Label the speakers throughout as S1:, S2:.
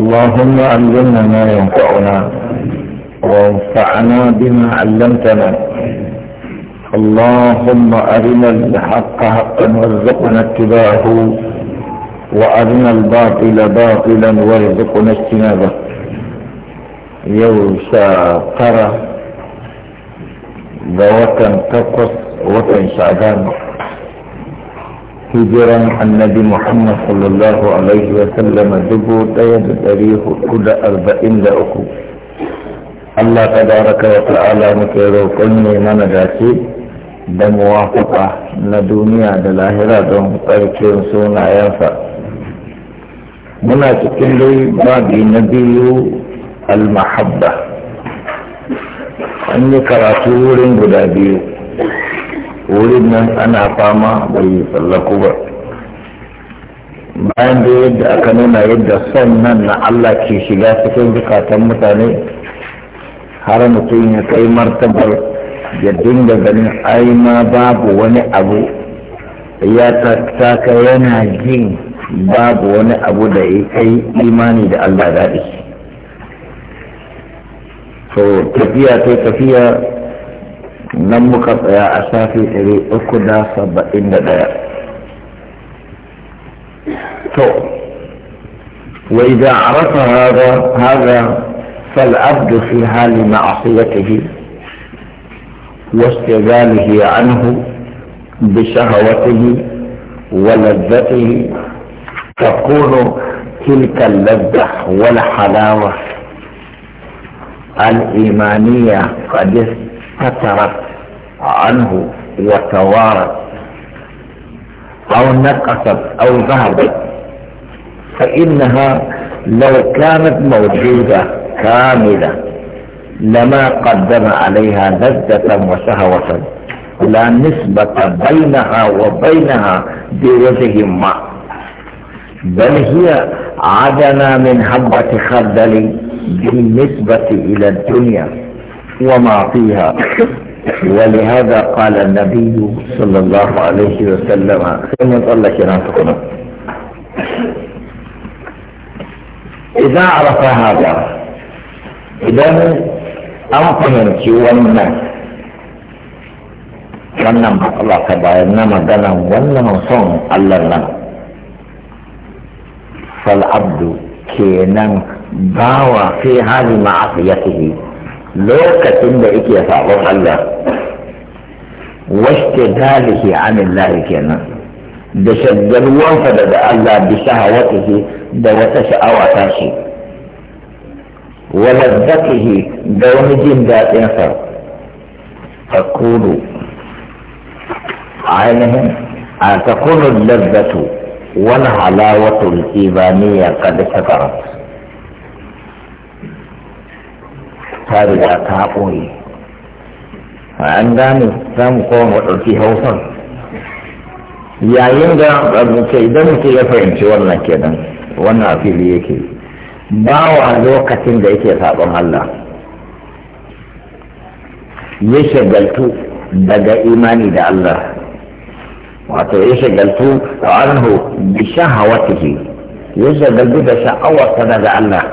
S1: اللهم علمنا ما ينفعنا وانفعنا بما علمتنا اللهم أرنا الحق حقا وارزقنا اتباعه وأرنا الباطل باطلا وارزقنا اجتنابه يوسى قرى بوكا تقص شعبان hijiran annabi muhammad sallallahu alaihi wa dubu ɗaya da ɗari hudu da arba'in da uku allah ta baraka wa ta'ala muke roƙon ne mana dace da muwafaka na duniya da lahira don tsarkin sunayensa
S2: muna cikin dai babi
S1: na biyu al-mahabba. an yi karatu wurin guda biyu wurin nan ana fama bai tsallaku ba bayan da yadda aka nuna yadda son nan na Allah ke shiga cikin zukatan mutane har mutum ya kai martabar ya dinga ganin ai ma babu wani abu ya taka yana jin babu wani abu da ya kai imani da Allah daɗi so tafiya ta tafiya nan muka tsaya a shafi ɗari uku da saba'in da ɗaya to wa فالعبد في حال معصيته واستغاله عنه بشهوته ولذته تكون تلك اللذة والحلاوة الإيمانية قد كثرت عنه وتوارت أو نقصت أو ذهبت فإنها لو كانت موجودة كاملة لما قدم عليها لذة وشهوة لا نسبة بينها وبينها بوجه ما بل هي عدنا من حبة خردل بالنسبة إلى الدنيا وما فيها ولهذا قال النبي صلى الله عليه وسلم لك إذا عرف هذا إذا أمكن أن يكون ونما الله كبايا نما دنا ونما صوم الله لنا فالعبد كينا باوى في هذه معصيته lokacin da yake sabon Allah wasu dalihi an Allah kenan da shaddar shaggarwarsa daga Allah bisa hawatihi da wata sha'awa ta shi walazzatihi da wani jin daɗinsa takunu ainihin a takunu lardatu wani halawatul ibaniya kada shakarar ta riga ta a an gane za mu kowa mu ɗauki hausar yayin da abuce idan mutum ya fahimci wannan kenan wannan a fili yake bawa lokacin da yake saɓon Allah ya shagaltu daga imani da Allah wato ya shagaltu anhu bi shahawatihi ya shagaltu da sha'awarsa daga Allah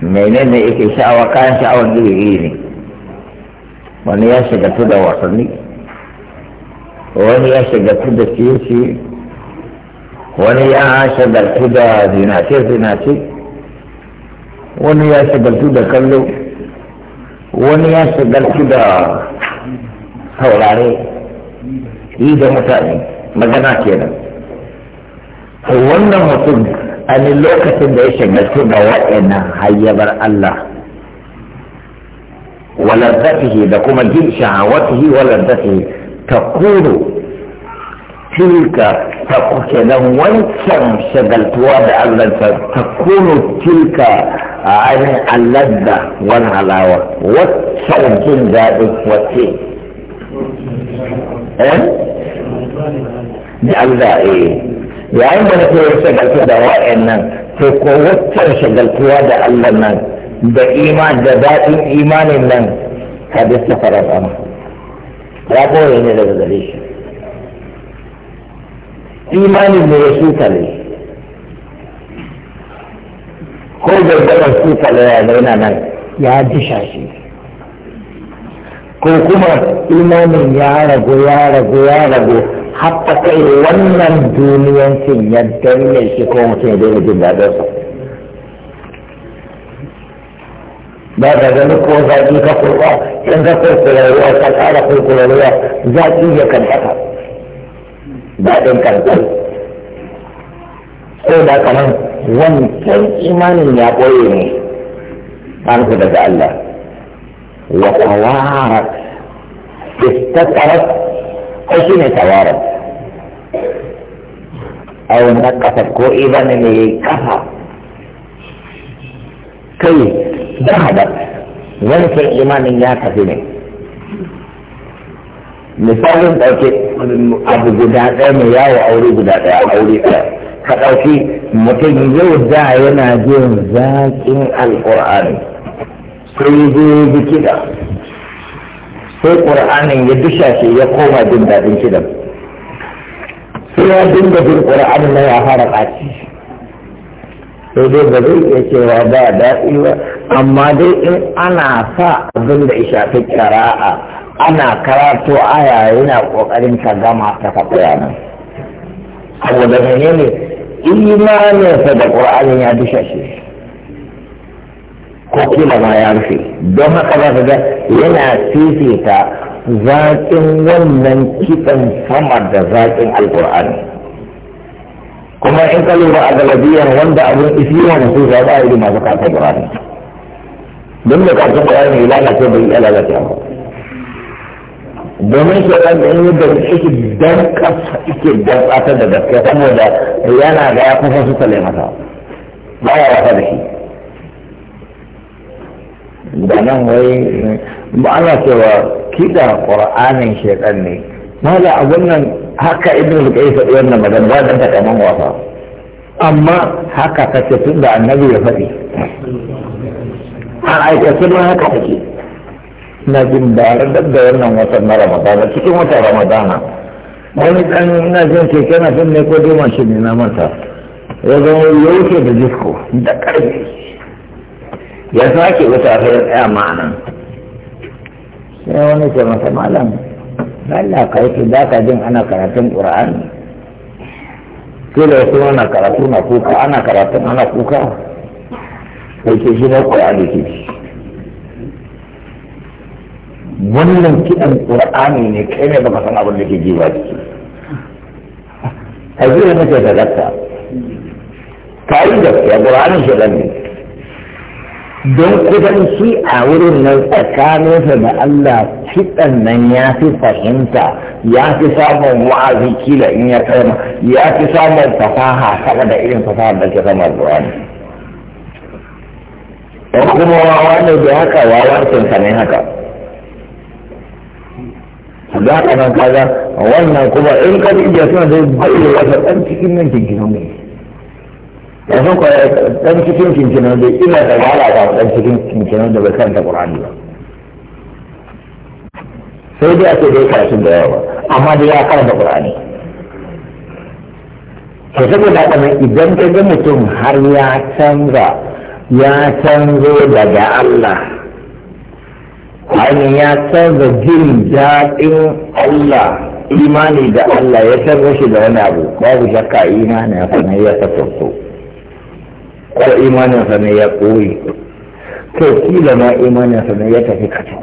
S1: menene yake sha'awa kayan sha'awar iri ne wani ya shiga tu da wasanni wani ya shiga tu da ciye wani ya shiga tu da zinace-zinace wani ya shiga tu da kallo wani ya shiga tu da saurare yi da mutane magana kenan wannan mutum ani lokacin da ya shagaltu da wa'annan hayyabar Allah walazzatihi da kuma jin shahawatihi walazzatihi takunu tilka ta kenan wancan shagaltuwa da Allah ta kunu tilka a ainihin alladda wani halawa waccan jin daɗin wacce
S3: eh da Allah
S1: eh yayin da nake yin shagaltu da wa'yan nan to ko waccan shagaltuwa da Allah nan da iman da daɗin imanin nan ka bi safarar ana ya kore ne daga gare shi imanin ne ya shuka ne ko gargaɗar shuka ne ya zauna nan ya disha shi ko kuma imanin ya ragu ya ragu ya ragu hatta kai wannan duniyancin ya danne shi ko mutum ya daina jin daɗin sa ba da gani ko zaƙi ka kurɓa in ka kurkura ruwa ka ƙara kurkura ruwa zaƙi ya kan ɗaka daɗin kan ɗan ko da kaman wancan imanin ya ɓoye ne an daga Allah wa tawarat istatarat ai shine tawarat او نقفت كو اذا اللي كفى كي ذهب ذلك الايمان اللي كفيني مثال اوكي ابو جدا ايه مياه او اولي جدا ايه اولي ايه كتوكي متي يو داينا جين ذاكين القرآن سيدي بكذا في القرآن يدشاشي يقوم بمدادين كذا sai ya dinga bin ƙura'an na ya fara ƙaci sai dai ba zai iya cewa ba daɗi ba amma dai in ana sa abin da ta shafi ƙara'a ana karato aya yana ƙoƙarin ta gama ta faɗa nan ne menene imaninsa da ƙura'an ya dusha shi ko kila ma ya rufe don haka ba ga yana fifita zaƙin wannan kitan sama da zaƙin alƙur'ani kuma in ka lura a galabiyar wanda abin isi wa da su a iri masu kasa ƙur'ani don da kasa ƙur'ani ya lalace bai iya lalace ba domin shi ɗan ɗan yi da shi dan ƙasa ike dan ƙasa da gaske saboda yana da ya kusa su tale masa ba ya wasa da shi da nan wai ba ana cewa kida ƙur'anin shaitan ne mala a wannan haka ibn al-qayyim faɗi wannan magana ba dan ta kaman wasa amma haka kace tun da annabi ya faɗi a aikace ma haka take na jin ba da wannan watan na ramadana cikin watan ramadana wani ɗan na jin keke na fin ne ko dai shi ne na manta ya zama yauke da disko da ƙarfi ya sake wata a ɗaya ma'anan sai wani ce masa malam lalla ka yi da ka jin ana karatun ƙura'ani ke da wasu ana karatu na kuka ana karatun ana kuka sai ke shi na ƙura'ani ke wannan kiɗan ƙura'ani ne kai ne baka san abin da ke ji ba ciki a zai mace da zarta ka yi gaskiya ƙura'anin shi ne don kudan shi a wurin nan tsakaninsa da Allah kiɗan nan ya fi fahimta ya fi samun wa'azi kila in ya kama ya fi samun fasaha sama da irin fasaha da ke sama Qur'ani in kuma wawa ne da haka wawancin sun sami haka da haka nan kaga wannan kuma in ka iya suna zai bayyana wata ɗan cikin nan kinkinan ne yanzu kwa dan cikin kinkinan da ina da wahala ga dan cikin kinkinan da bai karanta qur'ani ba sai dai ake dai karatu da yawa amma dai ya karanta qur'ani to saboda haka idan ka ga mutum har ya canza ya canzo daga Allah ainihin ya canza jin daɗin Allah imani da Allah ya canza shi da wani abu babu shakka imani ya na ya sassauto ko imaninsa ne ya koyi to kila ma imaninsa ne ya tafi kacin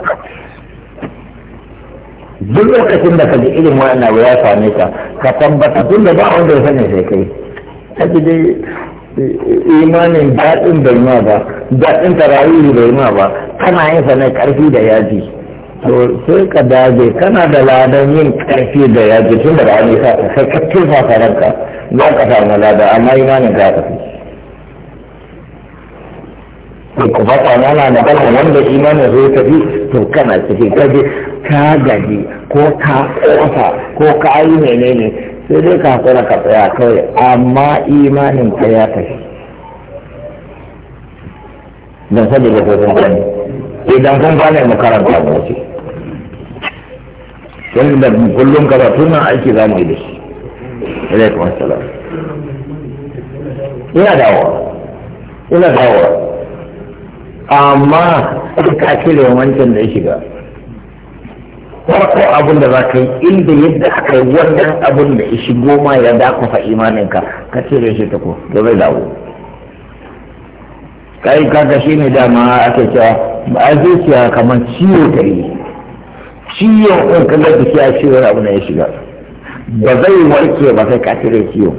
S1: duk lokacin da ka ji irin wa'annan ya same ka ka tabbata tun da ba wanda ya sani sai kai kaji dai imanin daɗin bai ma ba daɗin tarayi bai ma ba kana yin sa ne ƙarfi da yaji to sai ka dage kana da ladan yin ƙarfi da yaji tun da ba wani sa sai ka tufa faranka za ka samu lada amma imanin ka tafi ku fata yana magana wanda imanin zai tafi to kana tafi kaje ka gaji ko ka kofa ko ka yi menene sai dai ka kula ka tsaya kawai amma imanin ka ya tafi don saboda ko kun gani idan kun gane mu karanta mu ce yanzu da kullum karatu nan aiki za mu yi da shi alaikum assalam ina dawowa ina dawowa amma ka cire wancan da ya shiga farko abin da za ka yi inda yadda aka yi wannan abin da ya shigo ma ya dakufa imaninka ka cire shi ta ko da zai dawo kai kaga shi ne dama ake cewa ba a zuciya kamar ciwo ta yi ciwon in ka ga jiki a ciwon abin da ya shiga ba zai warke ba sai ka cire ciwon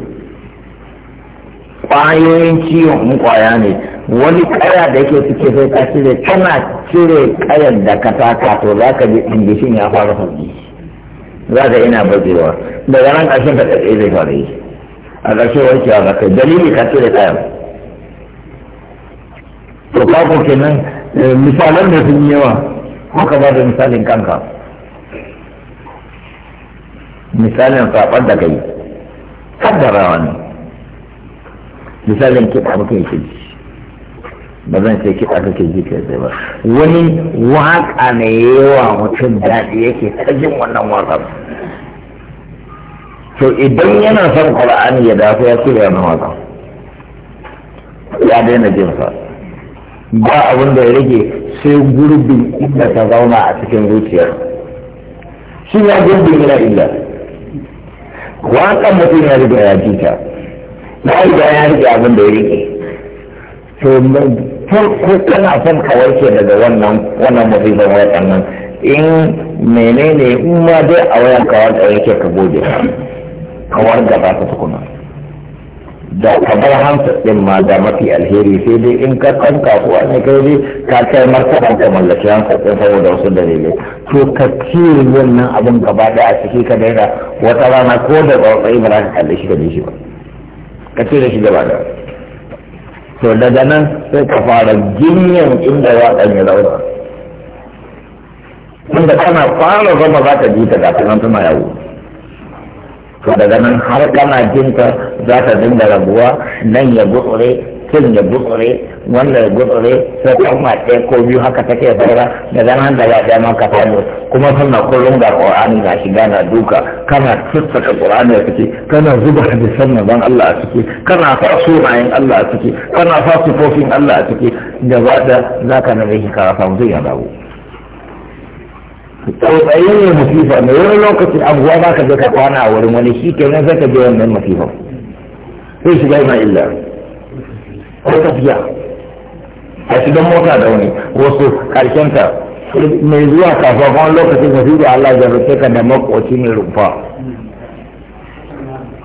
S1: kwayoyin ciwon in kwaya ne wani kaya da yake suke sai ka cire kana cire kayan da ka taka to za ka ji ɗingishin ya fara sauki za ka ina bajewa daga nan ƙarshen ka tsaye zai fara yi a ƙarshe wankewa za ka dalili ka cire kayan to kako kenan eh, misalan da sun yawa haka ba da misalin kanka misalin saɓar da kai kaddarawa ne misalin kiɗa muke shi ba zan ce kiɗa kake ji kai sai ba wani waƙa ne yawa mutum daɗi yake ta jin wannan waƙar to idan yana son ƙar'ani ya dafa ya ci wannan waƙar ya daina jin sa ba abin da ya rage sai gurbin inda ta zauna a cikin zuciyar shi ya gurbin yana illa waƙar mutum ya riga ya ji ta ya riga ya riga abin da ya rage to ko kana son ka warke daga wannan wannan musibar wayan nan in menene in ma dai a wayan ka warka yake ka goge ka da ba ka tukuna da ka bar din ma da mafi alheri sai dai in ka san kasuwa ne kai dai ka kai martaban ka mallaki hansa din saboda wasu dalilai to ka ci wannan abin gaba daya a ciki ka daina wata rana ko da tsautsayi ba za ka kalle shi ka bi shi ba ka da shi gaba daya to daga nan sai ka fara jinyan inda waɗan ya zaura inda kana fara zama za ka ji ta ga nan tana yawo to daga nan har kana jinta za ta dinga rabuwa nan ya gutsure kin da gutsure wanda da gutsure sai kan ma ɗaya ko biyu haka take saura da zaman da ya ma ka samu kuma suna kullum ga qur'ani ga shiga na duka kana sassaka qur'ani a ciki kana zuba hadisan manzon Allah a ciki kana sa sunayen Allah a ciki kana sa sufofin Allah a ciki gaba da ka na rashi ka samu zai ya dawo tsautsayi ne masifa ne wani lokaci abuwa ba ka je ka kwana a wurin wani shi kenan sai ka je wannan masifan sai shiga ina illa ko tafiya
S2: a shigan mota da wani wasu karshen ta
S1: mai zuwa kasuwa kuma lokacin ka da Allah ya rufe ka da makoci mai rumfa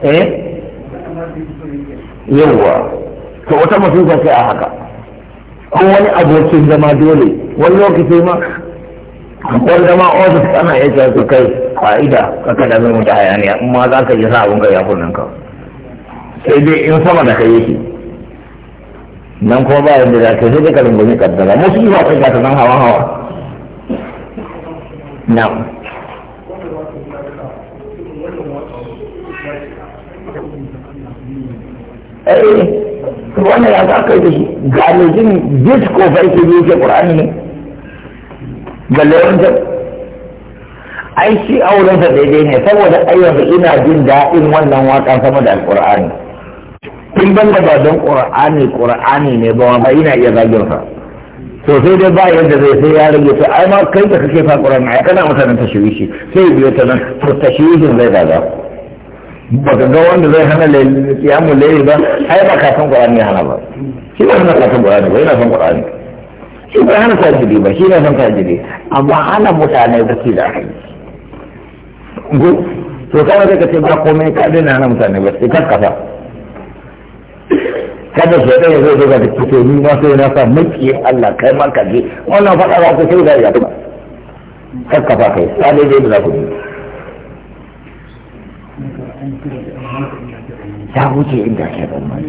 S1: eh yawwa to wata masifa sai a haka ko wani abokin zama dole wani lokaci ma wani zama ofis ana iya cewa su kai fa'ida ka kada zama da hayaniya amma za ka yi sa abin yafi nan ka sai dai in sama da kai yake nan kuma ba yadda za ka sai ka rungumi kaddara musu yi wasu ga nan hawa hawa na eh wannan ya za ka yi galibin shi ga lejin disko biyu ke ƙur'ani ne galibin lewantar ai shi aurensa daidai ne saboda ayyansa ina jin daɗin wannan waƙa sama da alƙur'ani in ban da ba don qur'ani qur'ani ne ba ba ina iya zagin sa to sai dai ba yadda zai sai ya rage to ai ma kai da kake sa qur'ani ai kana mutanen tashwishi sai biyo ta nan to tashwishin zai zaga baka ga wanda zai hana ya mu layl ba ai ba ka san qur'ani hana ba shi ba hana ka san qur'ani ba ina san qur'ani shi ba hana jibi ba shi na san jibi, amma hana mutane bacci da aka yi to kana da ka ce ba komai ka dena hana mutane ba sai ka kasa kada shi ɗaya zai zo da kike ni ma sai na sa maki Allah kai ma ka wannan faɗa ba ku sai da ya ba
S3: kai sai dai da za ku yi ya wuce inda ke ban mai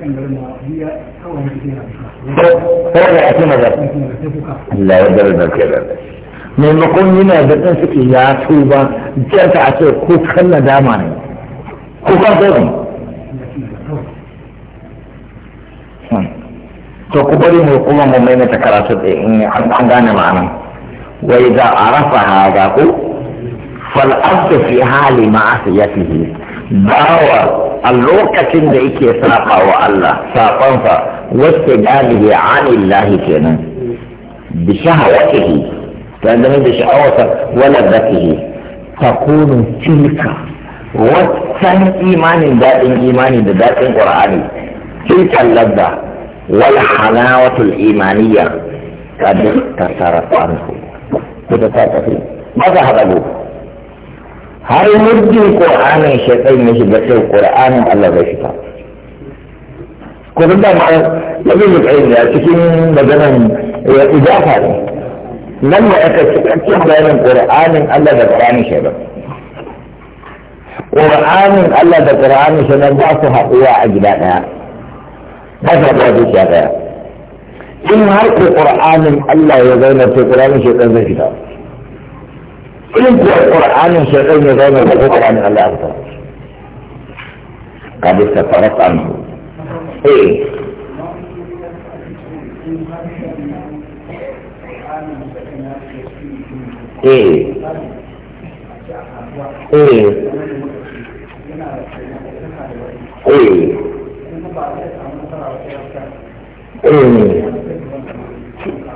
S3: Kawai Allah
S1: ya maimakon yana da ɗan suke ya tuba jata a ce ko kan nadama ne ko kan sai to ku bari mu kuma mu maimaita karatu da in an gane ma'anan wa idza arafa hada ku fal abdu fi hali ma'asiyatihi bawa a lokacin da yake saba wa Allah sabansa wasu galibi anillahi kenan bi shahawatihi تعلمين بشعوة ولذته تكون تلك واتسان إيمان دائم إيمان دائم قرآني تلك اللذة والحلاوة الإيمانية قد اقتصرت عنه بتتاتفين ماذا هذا أبوه هل مدين القرآن الشيطان مش بس القرآن الله بيشتغل كل ده معه يجب العلم لكن بدلا إضافة nan ne aka cikakken bayanin ƙur'anin Allah da ƙur'anin shaidan ƙur'anin Allah da ƙur'anin shaidan ba su haɗuwa a gida ɗaya ba su haɗuwa zuciya ɗaya in har ko ƙur'anin Allah ya zauna to ƙur'anin shaidan zai fita in ko ƙur'anin shaidan ya zauna to ƙur'anin Allah ya fita ka bisa farat anhu eh
S3: eh eh eh eh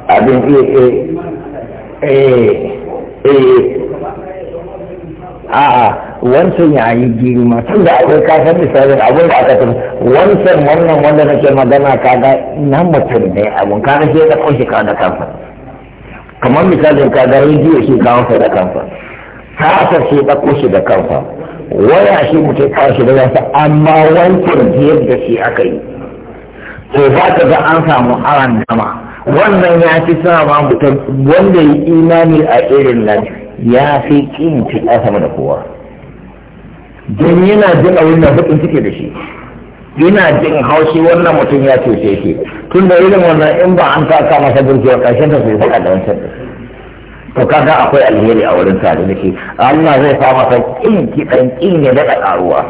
S3: abin eh
S1: eh eh
S3: a'a
S1: wancan ya yi girma tun da akwai kasar misalin abin da aka tafi wancan wannan wanda nake magana kaga na mutum ne abun kaga shi ya ɗauko shi da kansa kamar misalin ka ga rediyo shi kawo sa da kansa ta asar shi da kansa waya shi mutum kawo shi da kansa amma wancan biyar da shi aka yi to za ka ga an samu aran dama wannan ya fi sa ma mutum wanda ya imani a irin nan ya fi kin ci sama da kowa don yana jin abin da bakin da shi yana jin haushi wannan mutum ya cuce shi tun da irin wannan in ba an taka masa burkewa ƙarshen da sai saka da wancan to kaga akwai alheri a wurin tare da shi Allah zai sa masa kin kiɗan kin ya daga ƙaruwa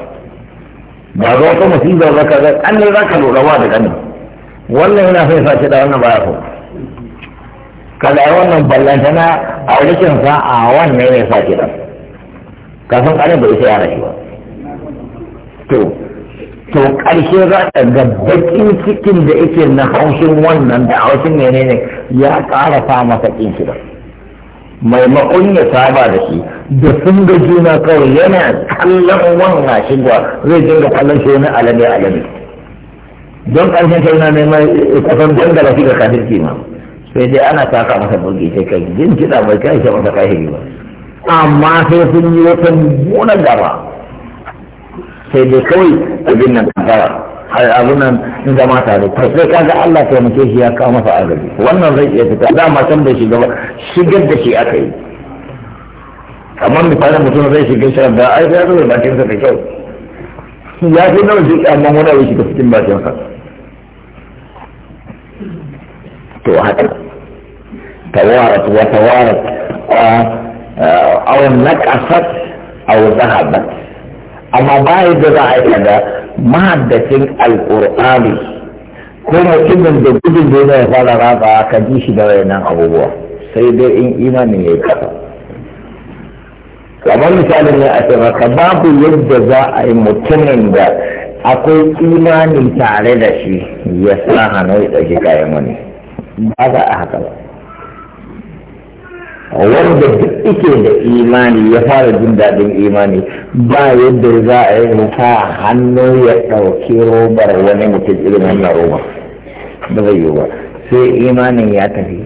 S1: ba zo ka musibar za ka ga an za ka lura wa da kanin wannan yana sai sace da wannan baya ko kada wannan ballantana a wurin sa a wannan ne sace da kafin kare bai sai ya rashi ba to to ƙarshe za ka ga bakin cikin da yake na haushin wannan da haushin menene ya ƙara sa masa ƙin shi ba maimakon ya saba da shi da sun ga juna kawai yana kallon wannan shigwa zai dinga kallon shi wani alame alame don ƙarshen kai na neman kusan dangala shi ga kafirci ma sai dai ana taka masa burge sai kai jin kiɗa bai kai shi masa kai ba amma sai sun yi wata munan gaba sai dai kawai abin nan kafara ai abin nan in zama tare to sai kaga Allah ya mace shi ya kawo masa agaji wannan zai iya fita da ma san da shi gaba shigar da shi aka yi kamar fara mutum zai shiga shi da ai sai zai ba kinsa da kyau ya fi nan shi amma wani abu shiga cikin ba sa to haka tawarat wa tawarat a a aw naqasat aw zahabat amma ba da za a yi da mahaddacin alƙur'ani ko mutumin da gudun dole ya fara raba ka ji shi da wayannan abubuwa sai dai in imanin ya yi kafa kamar misalin ne a maka babu yadda za a yi mutumin da akwai imanin tare da shi ya sa hannu ya ɗauki kayan wani ba za a haka ba wanda duk ike da imani ya fara jin daɗin imani ba yadda za a yi rufa hannu ya ɗauki robar wani mutum irin wannan roba, ba zai yi ba sai imanin ya tafi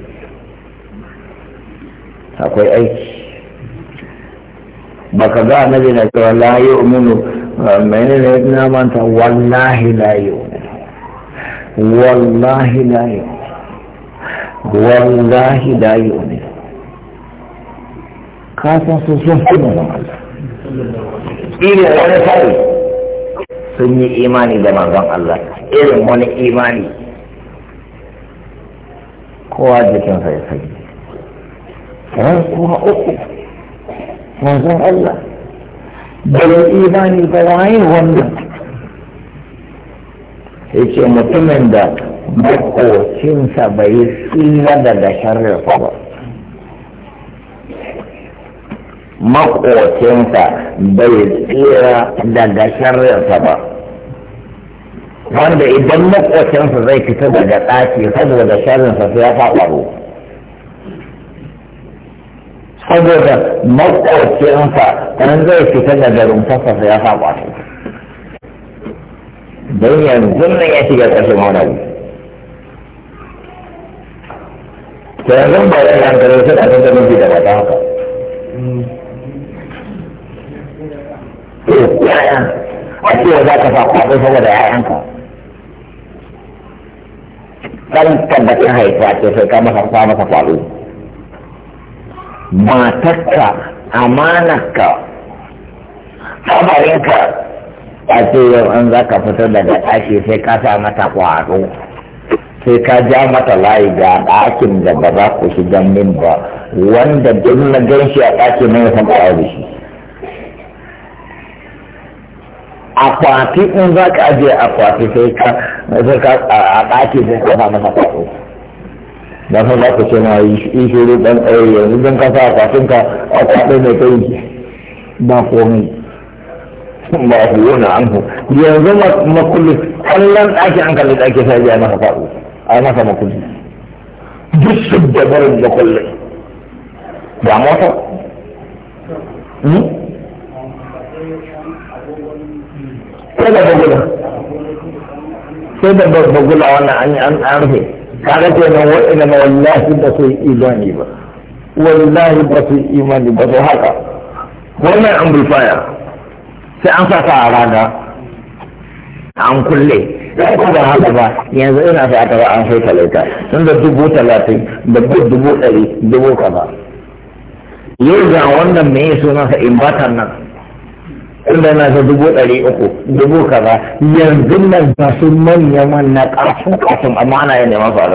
S1: akwai aiki ba ka ga annabi na wallahi umunu ah, mai ne na manta wallahi la yi wallahi la yi wallahi la yi
S3: kasan su sun fi manzon Allah
S1: irin wani fari sun yi imani da manzon Allah irin wani imani kowa jikinsa ya sanyi ran kuma uku manzon Allah bai imani ba waye wanda ya ce mutumin da makocinsa bai tsira daga sharri ba makocinsa bai tsira daga shari'arsa ba wanda idan makocinsa zai fita daga ɗaki saboda shari'arsa sai ya faɓaro saboda makocinsa ɗan zai fita daga rumfarsa sai ya faɓaro don yanzu nan ya shiga ƙarshen wani abu yanzu ba ya yi an kare sai a tattalin da ba haka ya'yan a cewa za ka faɗa ko saboda ya'yanka ɗan tabbatar haifa ce sai ka masa kwa masa faɗo matarka amanarka
S3: kabarinka
S1: a ce yau an za ka fito daga ɗaki sai ka sa mata ƙwaro sai ka ja mata layi ga ɗakin da ba za ku shiga min ba wanda duk na gan shi a ɗakin nan ya san ƙwaro da shi akwati in za ka ajiye akwati sai ka zaka a ɗaki sai ka sa masa kwaɗo da sun za ka ce na yi shiru ɗan tsaye yanzu don ka sa akwatin ka akwaɗo mai kai ba komai ba ku wani an anhu yanzu makulli kallon ɗaki an kalli ɗaki sai ajiye masa kwaɗo a yi masa makulli duk su da barin makulli ba mota hmm? sai da gula
S3: sai da gula wannan an an rufe kaga kenan wa'ina na wallahi
S1: ba su imani ba wallahi ba su imani ba su haka wannan bulfaya sai an sa a raga an kulle ya ku ba haka ba yanzu ina sa aka ba an sai talauta tun da dubu talatin da dubu ɗari dubu kaza yau ga wannan me sunansa inverter nan inda na ga dubu ɗari uku dubu kaza yanzu nan ba su manyan wannan ƙarfin amma ana yin neman su a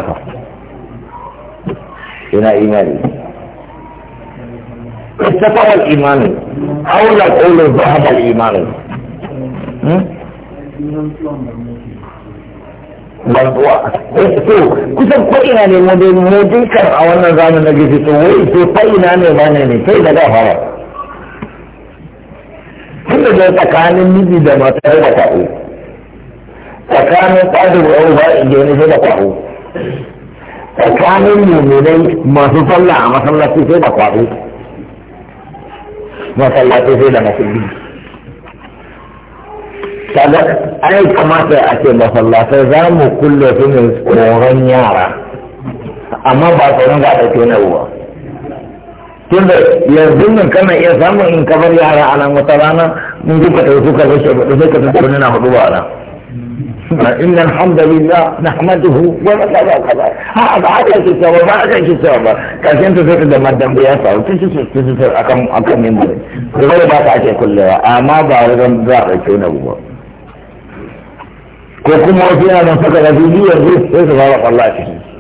S1: ina imani
S3: استفاد الإيمان
S1: أو لا تقول ذهب الإيمان barbuwa to kusan ko ina ne mu dai mu a wannan zamanin da ke fito wai ina ne ba sai daga fara tun da tsakanin miji da mata da kwaɗo tsakanin kwaɗo da yau ba in gani sai da kwaɗo tsakanin mummunai masu sallah a masallaci sai da kwaɗo masallaci sai da masulli kaga ai kamata a ce masallatai za mu kulle su ne tsoron yara amma ba tsoron ga a ɗauke na ruwa tunda yanzu nan kana iya samun in ka bar yara a nan wata rana mun duka ɗauki ka zai shaɓa ɗauki ka tafi wani na hudu ba nan إن الحمد لله نحمده ونتابع كذا هذا هذا كتابة ما هذا كتابة كأنت تفكر لما الدم بيسعى وتسسر تسسر أكم أكم من مرة تقول ما تعشي كلها أما بعد ذنب ذاك شون أبوه كوكو موتينا من فكر في دي يرغب الله فيه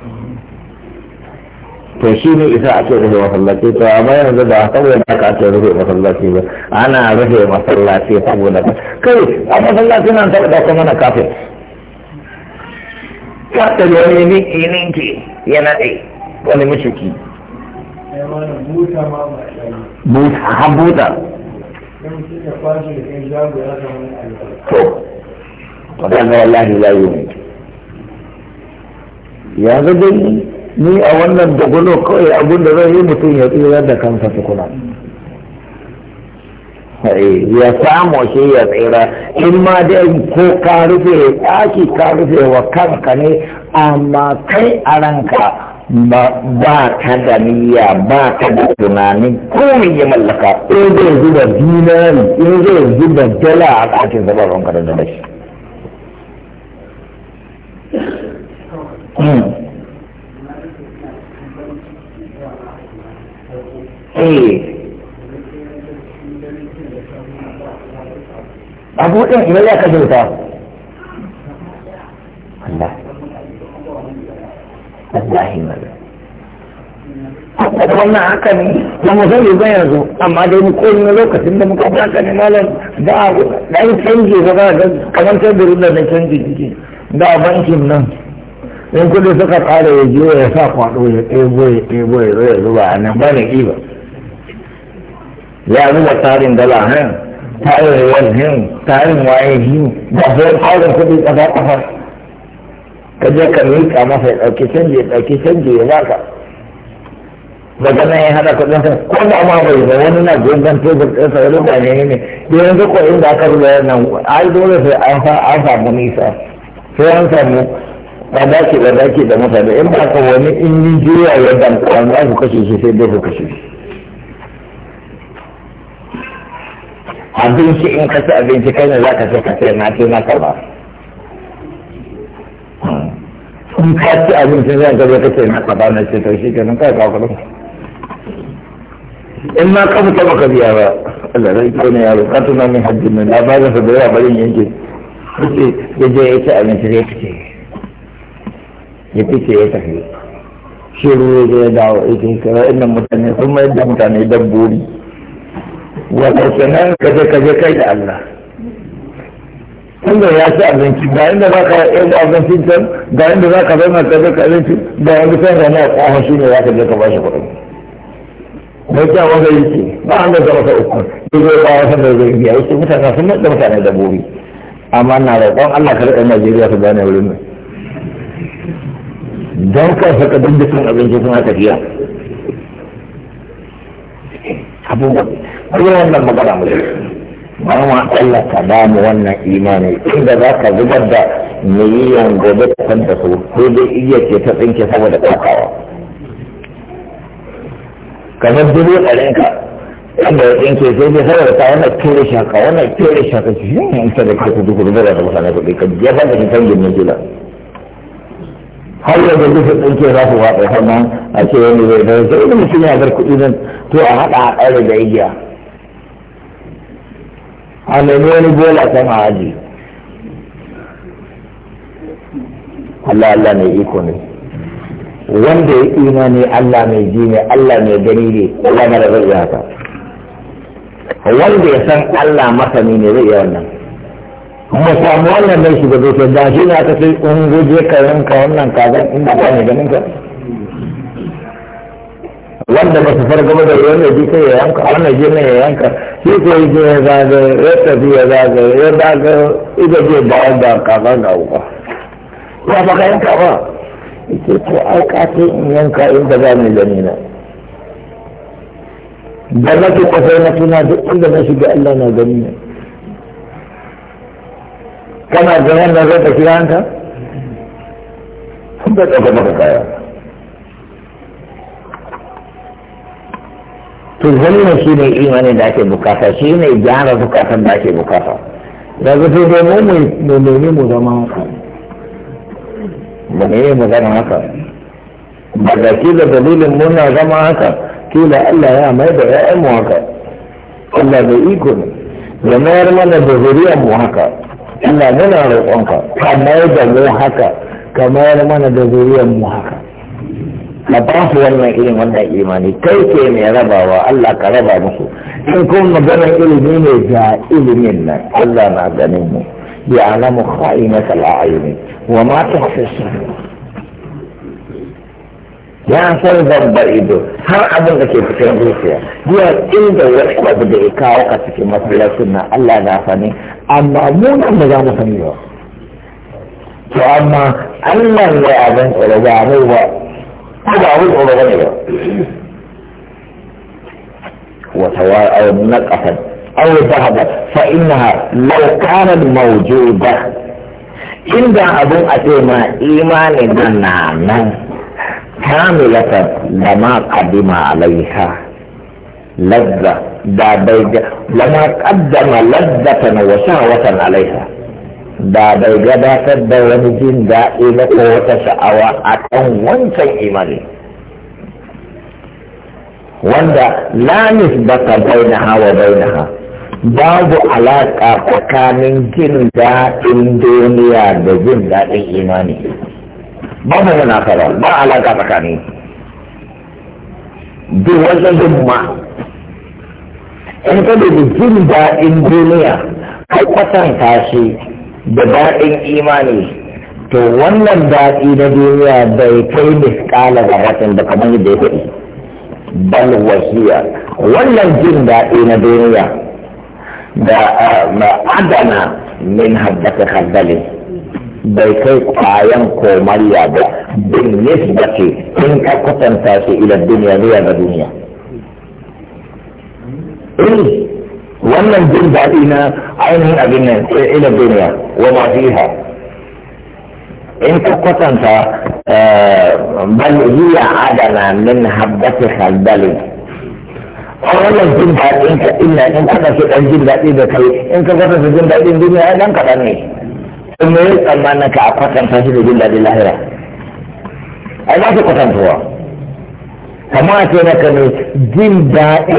S1: to shi ne isa ake rufe masallaci to amma yanzu ba saboda haka ake rufe masallaci ba ana rufe masallaci saboda kai a masallaci nan da kuma mana kafin yi wani miki ninki Yana naɗe wani mashiki
S3: buta ha buta to
S1: wadanda wallahi la yi yanzu dai ni a wannan dogono kawai abin da zai yi mutum ya tsira da kansa tukuna eh, ya samu shi ya tsira in ma dai ko ka rufe ɗaki ka rufe wa kanka ne amma kai a ranka ba ta da ba ta da tunanin komai ya mallaka in zai zuba zinari in zai zuba dala a kacin zaba ranka da da eh abu ɗin ina ya kashe wuta Allah Allah mala da wannan haka ne ba mu sani ba yanzu amma dai mu koyi na lokacin da muka haka ne malam da a ɗan canji ba ba ga kamar ta da rudar da canji jiki da bankin nan in kudi suka ƙara ya jiwa ya sa kwaɗo ya ɗebo ya ɗebo ya zo ya zuba a nan ba na ƙiba ya nuna tarin dala nan tarin wal hin tarin waye hin da zai kawo kuɗi ƙasa ƙasa ka je ka miƙa masa ya ɗauki canji ya ɗauki canji ya baka daga nan ya haɗa kudin sa ko da ma bai ba wani na gungan tebur ɗin sa wani ba ne ne yanzu ko inda aka rubuta yana ai dole sai an samu nisa sai an samu ba dace ba dace da mutane in ba ka wani in yi jiya ya dan kwan za su kashe shi sai dai su kashe shi abinci in ka ci abinci kai ne za ka ce ka ce na ce na kaba in ka ci abinci zan ka zo ka ce na karba na ce to shi ke nan kai ka kudin in ma ka fita ka biya ba Allah zai kone yaro ka tuna min hajjin nan labarin sa da yawa barin yanke kace ya je ya ci abinci zai fice ya fice ya tafi shi ruwa ya dawo ya kai kira inda mutane sun mayar da mutane dabbobi wata kenan kaje kaje kai da Allah tunda ya ci abinci ga inda za ka yi abincin can ga inda za ka kaje ka zaka abinci ga wani san rana a kwahon shi ne za ka je ka bashi kuɗi mai kya wanda yi ce ba an da zama ka uku duk zai ba san da zai biya yake mutane sun matsa mutane dabbobi amma na roƙon Allah ka riƙa Najeriya su gane wurin nan don ka saka duk dukkan abinci suna tafiya abubuwa yi wannan magana mu ba ma Allah ka ba mu wannan imani inda za ka zubar da miliyan gobe ka san da su ko dai iya ce ta tsinke saboda takawa kamar dubu ɗarinka wanda ya tsinke sai dai saboda ta wannan tere shaka wannan tere shaka shi ne in ta da kai duk rubar da mutane kuɗi ka je ba da kan gina jila har yanzu duk su tsinke za su waɗa sannan a ce wani zai da sai da mutum ya bar kuɗi nan to a haɗa a ɗaure da igiya a nemi wani bola kan a aji Allah Allah mai iko ne wanda ya imani Allah mai ji ne Allah mai gani ne Allah mara zai iya haka wanda ya san Allah masani ne zai iya wannan mu samu wannan mai shiga zai ce da shi na ka sai in guje ka yanka wannan kazan inda ba ne ganin ka wanda ba su fargaba da yau ne ji sai ya yanka wannan ji ne ya yanka shi ko yi ya zagaye ya tafi ya zagaye ya zagaye ita ce bayan da kafa ga uwa ya baka yanka ba ita to ai kafin in yanka in da za mu gani na da na ke kwasai na tuna duk inda na shiga Allah na gani ne kana ganin na zai tafi ranka? Sun da ɗauka maka kaya. to zalima shi ne imanin da ake bukata shi ne gyara bukatan da ake bukata da zato dai mu mu nemi mu zama haka mu nemi mu zama haka daga kila dalilin muna zama haka kila Allah ya mai da ya'yan mu haka Allah da iko ne da mayar mana da zuriyar mu haka Allah muna roƙonka ka mayar da mu haka ka mayar mana da zuriyar mu haka ka ba su wannan irin wannan imani kai ke mai rabawa Allah ka raba musu in kuma maganar ilimi ne ga ilimin nan Allah na ganin mu ya alamu kha'inat al-a'yun wa ma tuhfi ya san babbar ido har abin da ke cikin zuciya biya inda wani abu da ya kawo ka cikin masallacin na Allah na sani amma mu nan ba za mu sani ba to amma Allah ya abin tsoro ba mai هذا هو الغنية وسواء او نقفا او ذهبا فانها لو كانت موجودة إن ذا أبو أتيما إيمان دنانا كاملة لما قدم عليها لذة دابيدة لما قدم لذة وشهوة عليها da bai gabatar da wani jin daɗi ba ko wata sha'awa a kan wancan imani wanda la nisbata bainaha wa bainaha babu alaƙa tsakanin jin daɗin duniya da jin daɗin imani babu munasaba ba alaƙa tsakanin duk wata ma. in ka da jin daɗin duniya kai kwatanta shi da daɗin imani to wannan daɗi na duniya bai kai miskala zarratin da kamar yadda ya faɗi bal wasiya wannan jin daɗi na duniya da ma'adana min haddaka kaddalin bai kai kwayan komariya ba bin nisbati in ka kwatanta shi ila duniya zuwa ga duniya eh, ومن دين بعدنا عينه أبنى إلى الدنيا وما فيها إن كقطنت بل هي عدنا من حبتك البلي
S2: أولا الجن بعد إنك إلا إن أنا شئت الجن بعد إذا كي
S1: إنك قطنت الجن بعد إن دنيا أدن قطني ثم يلقى ما أنك أقطن فاشد الجن بعد الله لا أنا في قطنت هو كما أتنا كنت جن بعد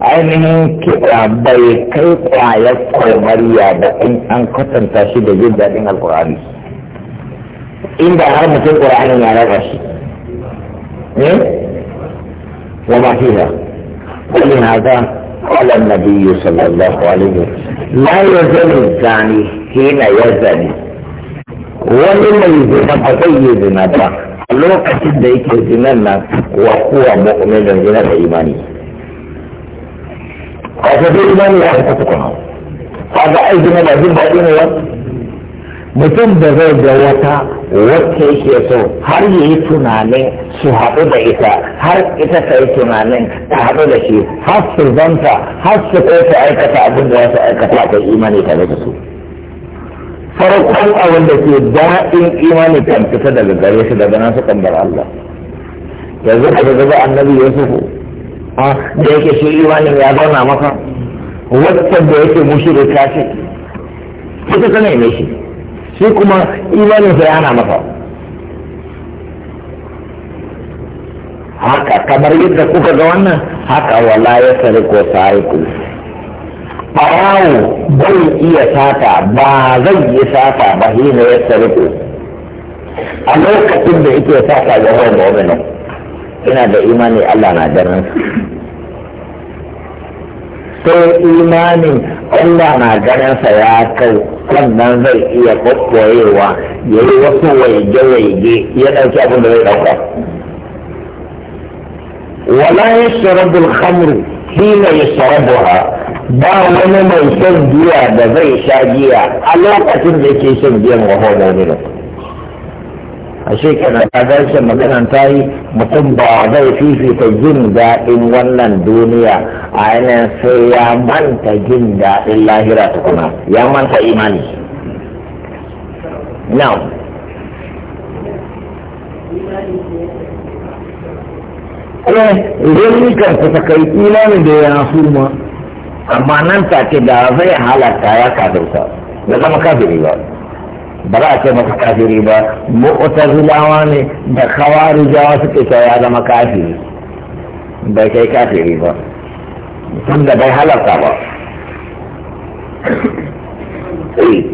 S1: ainihin kiɗa bai kai ƙwayar kwamariya da in an kwatanta shi da jin daɗin alƙur'ani inda har mutum ƙur'ani ya raba shi ne wa ma fiha kulli hada qala an-nabiy sallallahu alaihi Na sallam la yazani kina hina yazani wani mai zina ba zai yi zina ba a lokacin da yake zinan nan wa kuwa mu'minin zina da imani a zai imani ya a ga aiki na ba ne ba mutum da zai ga wata wacce yake so har ya yi tunanin su haɗu da ita har ita ta yi tunanin ta haɗu da shi har su zanta har su kai su aikata abin da wasu aikata ta imani tare da su
S3: farkon abin da ke daɗin
S1: imani kan fita daga gare shi daga nan su kan bar Allah yanzu ka ga annabi Yusufu da yake shi imanin ya zauna masa waccan da yake da kashi ita ta ne shi shi kuma imanin sa yana masa haka kamar yadda kuka ga wannan haka wala ya sari ko ku ɓarawo bai iya sata ba zai yi sata ba ne ya sari ku a lokacin da yake sata ga wani ina da imani Allah na ganin sai imanin Allah na ganinsa ya kai sannan zai iya kwakwayewa ya yi wasu waige-waige ya ɗauki abin da zai ɗauka. wala ya sharabu alhamru hina ya sharabu ba wani mai shan giya da zai sha giya a lokacin da yake shan giyan wa homo ne a shekara ta garshen magana ta yi mutum ba zai fifita jin daɗin wannan duniya a yanayin sai ya manta jin daɗin lahira tukuna ya manta imani now eh ta kai imanin da ya suma amma nan take da zai halatta ya kafirta da zama kafiri ba ba za a ce masa kafiri ba mu'tazilawa ne da jawa suke cewa ya zama kafiri bai kai kafiri ba tun da bai halarta ba
S3: Eh,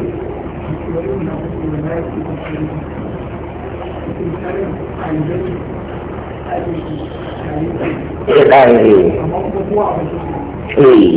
S3: eh, eh.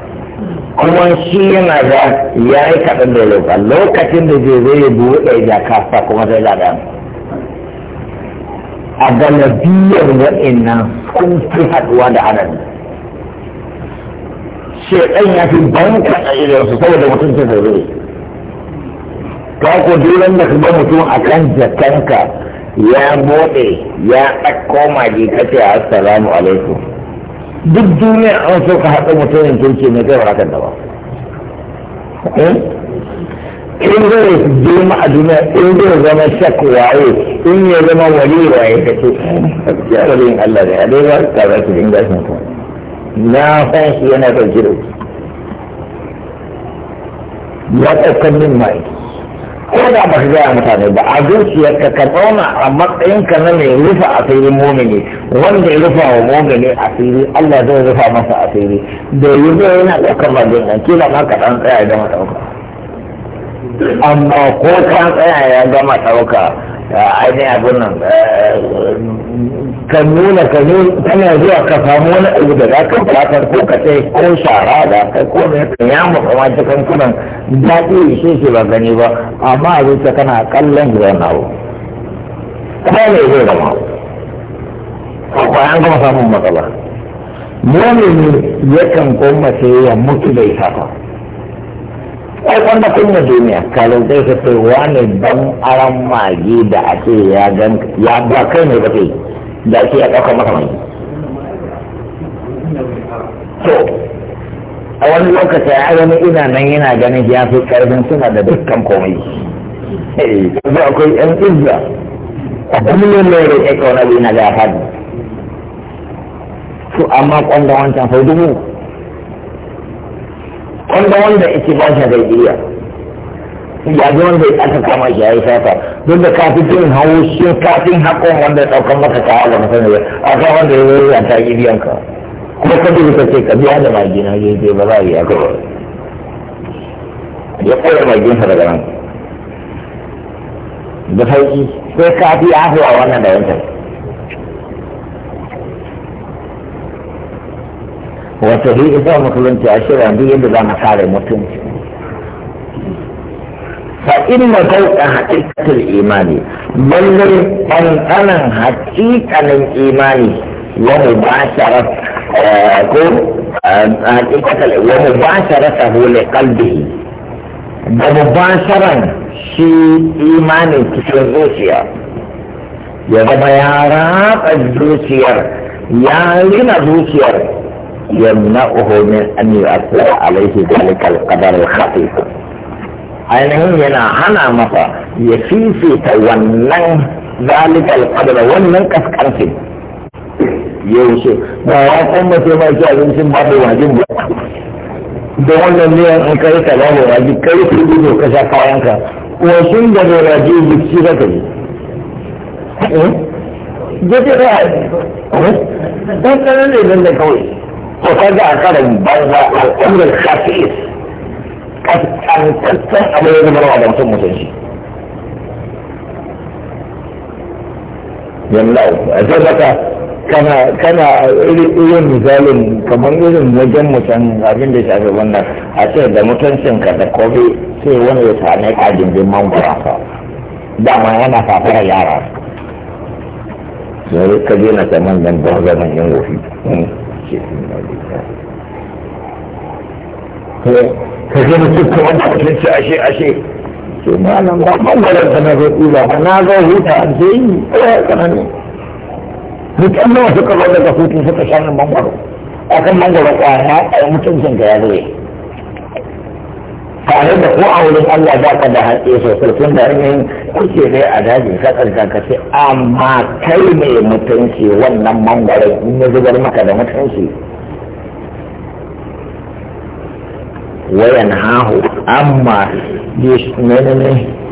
S1: kuma shi yana da ya yi kaɗan da roƙa lokacin da zai zai buɗe da kasa kuma zai zaɓa a galabiyar wa'innan kun fi haɗuwa da adadi shekai ya fi kaɗa a irinsu saboda mutum ce zai zai ka ko duran da kuma mutum a kan jakanka ya buɗe ya ɗakko magi kace assalamu alaikum duk duniya an so ka haɗa mutum yin kirki mai kai ba da ba eh? in zai girma a duniya in zai zama shak waye in ya zama wali waye ka ce ya rabu yin Allah da yadda ba ka za su dinga shi mutum na san shi yana ɗauki da ya ɗaukar min ma'aiki ko da ba ka gaya mutane ba a zuciyarka ka zauna a matsayinka na mai rufa asiri momini wanda ya rufa wa momini asiri Allah zai rufa masa asiri da yi zai yana ɗaukar majin nan kila ma ka ɗan tsaya gama ɗauka amma ko ka tsaya ya gama a ainihin abin nan eh, ka nuna ka ne tana zuwa ka samu wani abu da za fatar ko ka ce ko shara da kai ko ne ka yamu kama cikin kunan daɗi ishe shi ba gani ba amma a zuciya kana kallon zuwa na abu kuma ne zai zama ko an gama samun matsala mumini yakan sai ya mutu da isa ba ai wanda kun na duniya kalin zai sai wani dan aran magi da ake ya gan ya ba kai ne ba kai da ake ya ɗaukar maka mai to a wani lokaci ya wani ina nan yana ganin ya fi karfin suna da dukkan komai ba akwai yan izza a kullum ne ya ka wani abu na da su faɗi amma kwanda wancan sau dubu kwanda wanda ake ba shi zai iya ya ji wanda aka kama shi ya yi sata duk da kafin jin hawo shi kafin hakon wanda ya ɗaukan maka kaya da mutum ya a kan wanda ya yi yanta yi biyan ka kuma ka dubi ka ce ka biya da magi na je je ba za a yi aka ya koya magin sa daga nan da sauki sai ka fi ahu a wannan da yantar wato shi isa musulunci a shirya duk yadda za mu kare mutum فإن فوق حقيقة الإيمان بل أن أنا حقيقة الإيمان ومباشرة حقيقة ومباشرته لقلبه ومباشرة شيء إيمان في الروسيا ya zama ya ratsa zuciyar ya rina zuciyar yamna uhu min an yi asira alaihi dalikal qadar al-khafifa ainihin yana hana masa ya fifita wannan zalikal kadara wannan kaskancin yaushe ba ya san mace ma shi abincin ba da wajin ba da wannan ne an kai ka ba da wajin kai ku gudu ka sha kayan ka wasun da da wajin biki da kai eh? Jete da dan eh? kanan ne dan da kawai ko kaga a karan banza al'amrul khafi'is kaskantaccen abin ya zama da mutum mutunci yallahu a zai baka kana kana irin misalin kamar irin wajen mutum abin da shafi wannan a ce da mutuncinka da kofi sai wani ya sami ka gindin mangwara sa dama yana fafara yara yanzu ka je na saman nan don zaman yin wofi hmm. ka je na cikin wanda mutum ce ashe ashe ce malam ba ɓangaren ta na zai ɗula ba na zai huta a zai yi ɗaya tsanani mutum nawa suka zo daga hutu suka sha min mangwaro a kan mangwaro ƙwaya a yi mutuncin ka ya zai tare da ko a wurin Allah za ka da hatsi sosai tun da hanyar kuke dai a daji ka tsarka ka ce amma kai mai mutunci wannan mangwaron in ya zubar maka da mutunci وينهاه عما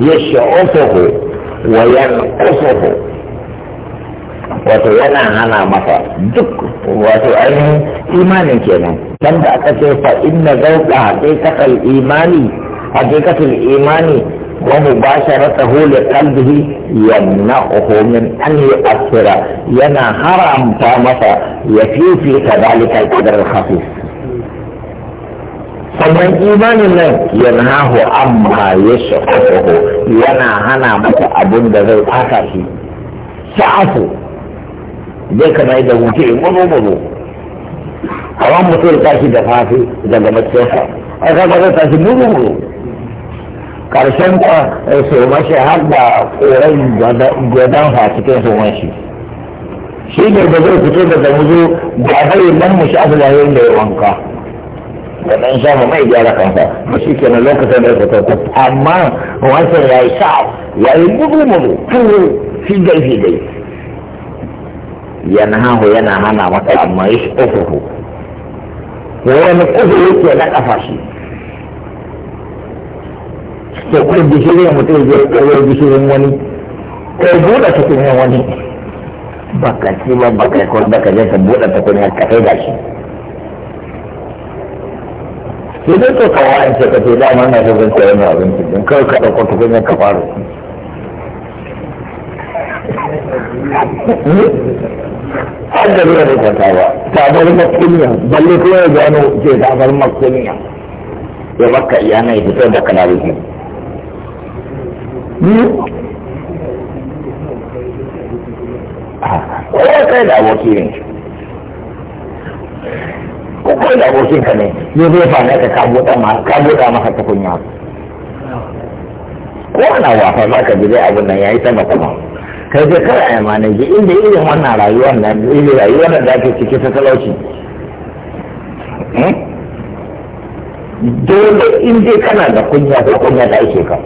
S1: يشعفه وينقصه wato yana hana masa duk wato ainihin imanin kenan dan da aka ce fa inna zauqa haqiqatal imani haqiqatul imani wa mubasharatahu li qalbihi yamna'uhu min an yu'athira yana haramta masa ya fifi kadhalika al-qadr al-khafif sannan imanin nan yanhahu amma ya shafafahu yana hana mata abin da zai fata shi sha'afu zai kama yadda wuce in wani A wani mutum ya tashi da fafi daga macciyarsa A kaga zai tashi buru buru karshen ta eh, so mashi har da koren gwadon fa cikin so mashi shi ne da zai fito daga wuzo ba zai nan mu sha'afu da yayin da ya wanka da ɗan samu mai gyara kansa ba shi ke nan lokacin da ya fito amma wancan ya yi sa'ad ya yi gudu mudu gai fi gai yana hahu yana hana mata amma ya shi ofuhu wani ofuhu ke na ƙafa shi to kuma gishirin mutum zai ɗaure gishirin wani ko buɗe cikin wani baka ci ba baka ko baka je buɗe buɗe tukunyar ka kai da shi sai dai to kawo an ce ka ce na da zan tsaye na abinci don kawai ka ɗauko ta zai ka fara har da ruwa da kwata ba tabar balle ya gano ya baka iya na ya fito da kana rufe
S3: ko ya kai da aboki ko da abokin ka ne ne zai fara ka ka buɗa
S1: ma ka buɗa maka ta kunya ko ana wa fa maka ji dai abin nan yayi sama kuma kai dai kar a yamma ne inda irin wannan rayuwar nan irin rayuwar da ake ciki ta talauci hmm? dole in dai kana da kunya ko kunya da ake ka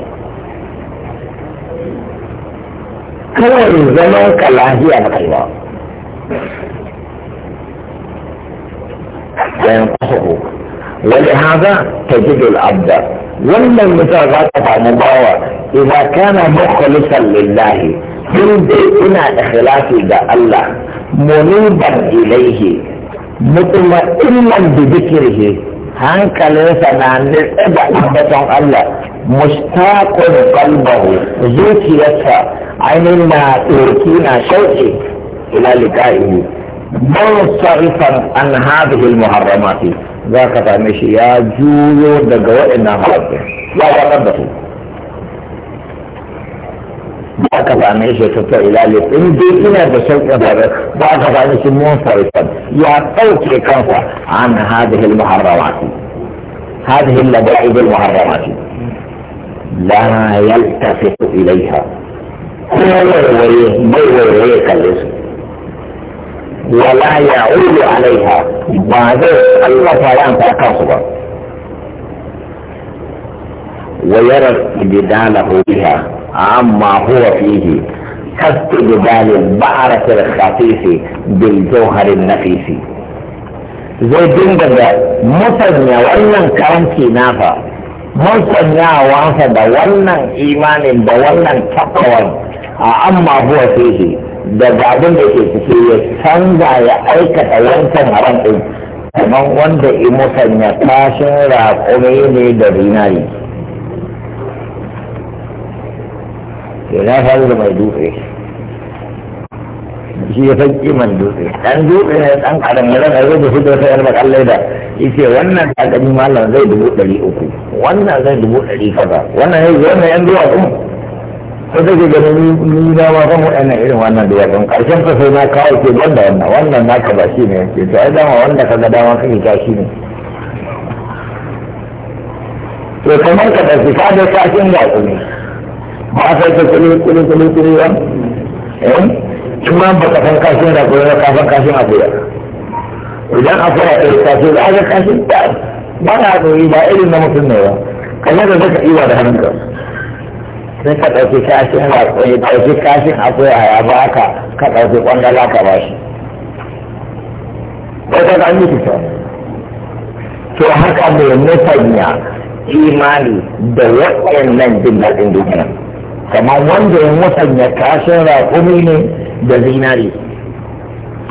S1: kawai zaman ka lahiya na kaiwa fahimtahu wani haza ta jidul abda wannan mutum za ta samu bawa idan kana mukhlisan lillahi in dai ina ikhlasi ga Allah muniban ilaihi mutma'innan bi dhikrihi hankalinsa na nitsa da ambaton Allah mustaƙon qalbahu zuciyarsa ainihin na tsoroki na shauƙi? ila liqa'ihi منصرفا عن هذه المحرمات ذاك تعمش يا جولو دقوا إنها حرمت لا تقدسوا ذاك تعمش تطلع إلى لك إن ديكنا بشوك أبرك ذاك تعمش منصرفا يا توكي كنفا عن هذه المحرمات هذه اللبائب المحرمات لا يلتفت إليها ويوي ويوي ويوي ولا يعود عليها بعد الله تعالى فاقصد ويرى جداله بها عما هو فيه كست جدال البعرة الخفيف بالجوهر النفيس زي جندر مسلم ولن كان في نافع مسلم يا واحد ولن إيمان ولن تقوى عما هو فيه daga abin da ke cike ya canza ya aikata wancan haram ɗin kamar wanda ya musanya kashin raƙumi ne da zinari na faru da mai dutse shi ya san kiman dutse dan dutse ne ɗan karam ya zama zai dubu da sayar baka da yace wannan kadami mallam zai dubu ɗari uku wannan zai dubu ɗari kaza wannan zai zama yan duwatsu? kuma sai take ganin ni na ma san waɗannan irin wannan da yakan karshen ka sai na kawo ke banda wannan wannan naka ba shi ne ke to ai dama wanda ka ga dama kake ta shi ne
S2: to kamar ka da ka da
S1: kashin da ku ba sai ka kuli kuli kuli kuli ba eh kuma ba ka san kashin da kuma ka san kashin ya idan akuya ka kashin da aka kashin ba ba na ba irin na mutum ne ba kamar da zaka iya da hannunka sai ka ɗauki kashin akwai ɗauki kashin akwai a ya ba ka ka ɗauki ƙwandala ka ba shi wata ga yi fita to haka mai musanya imani da waɗannan jin daɗin duniya kamar wanda ya musanya kashin raƙumi ne da zinari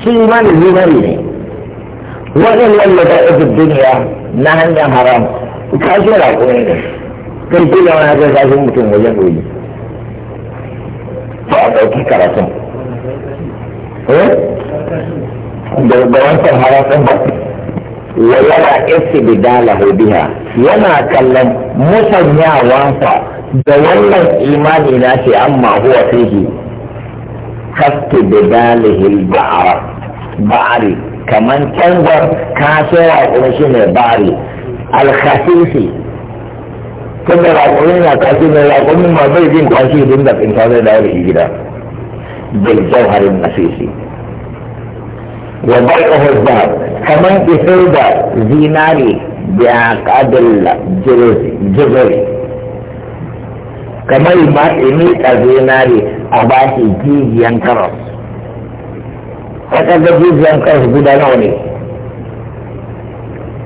S1: shi imani zinari ne waɗannan da duniya na hanyar haram kashin raƙumi ne kai kila wani zai zafin mutum wajen ɗoyi ba a ɗauki karatun da wancan harafin ba wa yana istibdala biha yana kallon musanyawansa da wannan imani na ce amma huwa fihi kastibdalihi al-ba'ar ba'ari kaman canza kasuwa kuma shine ba'ari al tun da raƙumi na kashi mai raƙumi ma bai jin kashi idan da tsinta zai dawo da shi gida bil jawharin nasisi wa a zahab kamar isar da zinari da qadil jizri kamar ma tsimi a zinari a bashi jijiyan karas ta kaga jijiyan karas guda nawa ne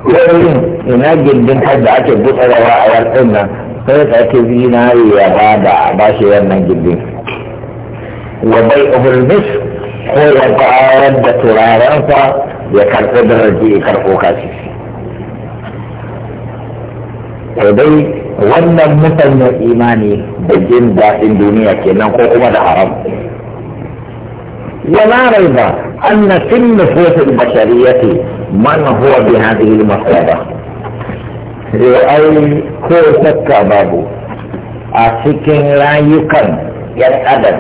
S1: wurin ina gindin hajji ake gutsarawa a yarkin nan sai ka ce zinari ya ba da bashi wannan gindin wa bai ohulmis ko ya bayar da turarensa ya karɓi daraji ya karɓo kashi to dai wannan musannin imani da jin daɗin duniya kenan ko kuma da haram ولا ريب أن في النفوس البشرية man huwa bi hadhihi al-masaba ai ko sakka babu a cikin rayukan ya adam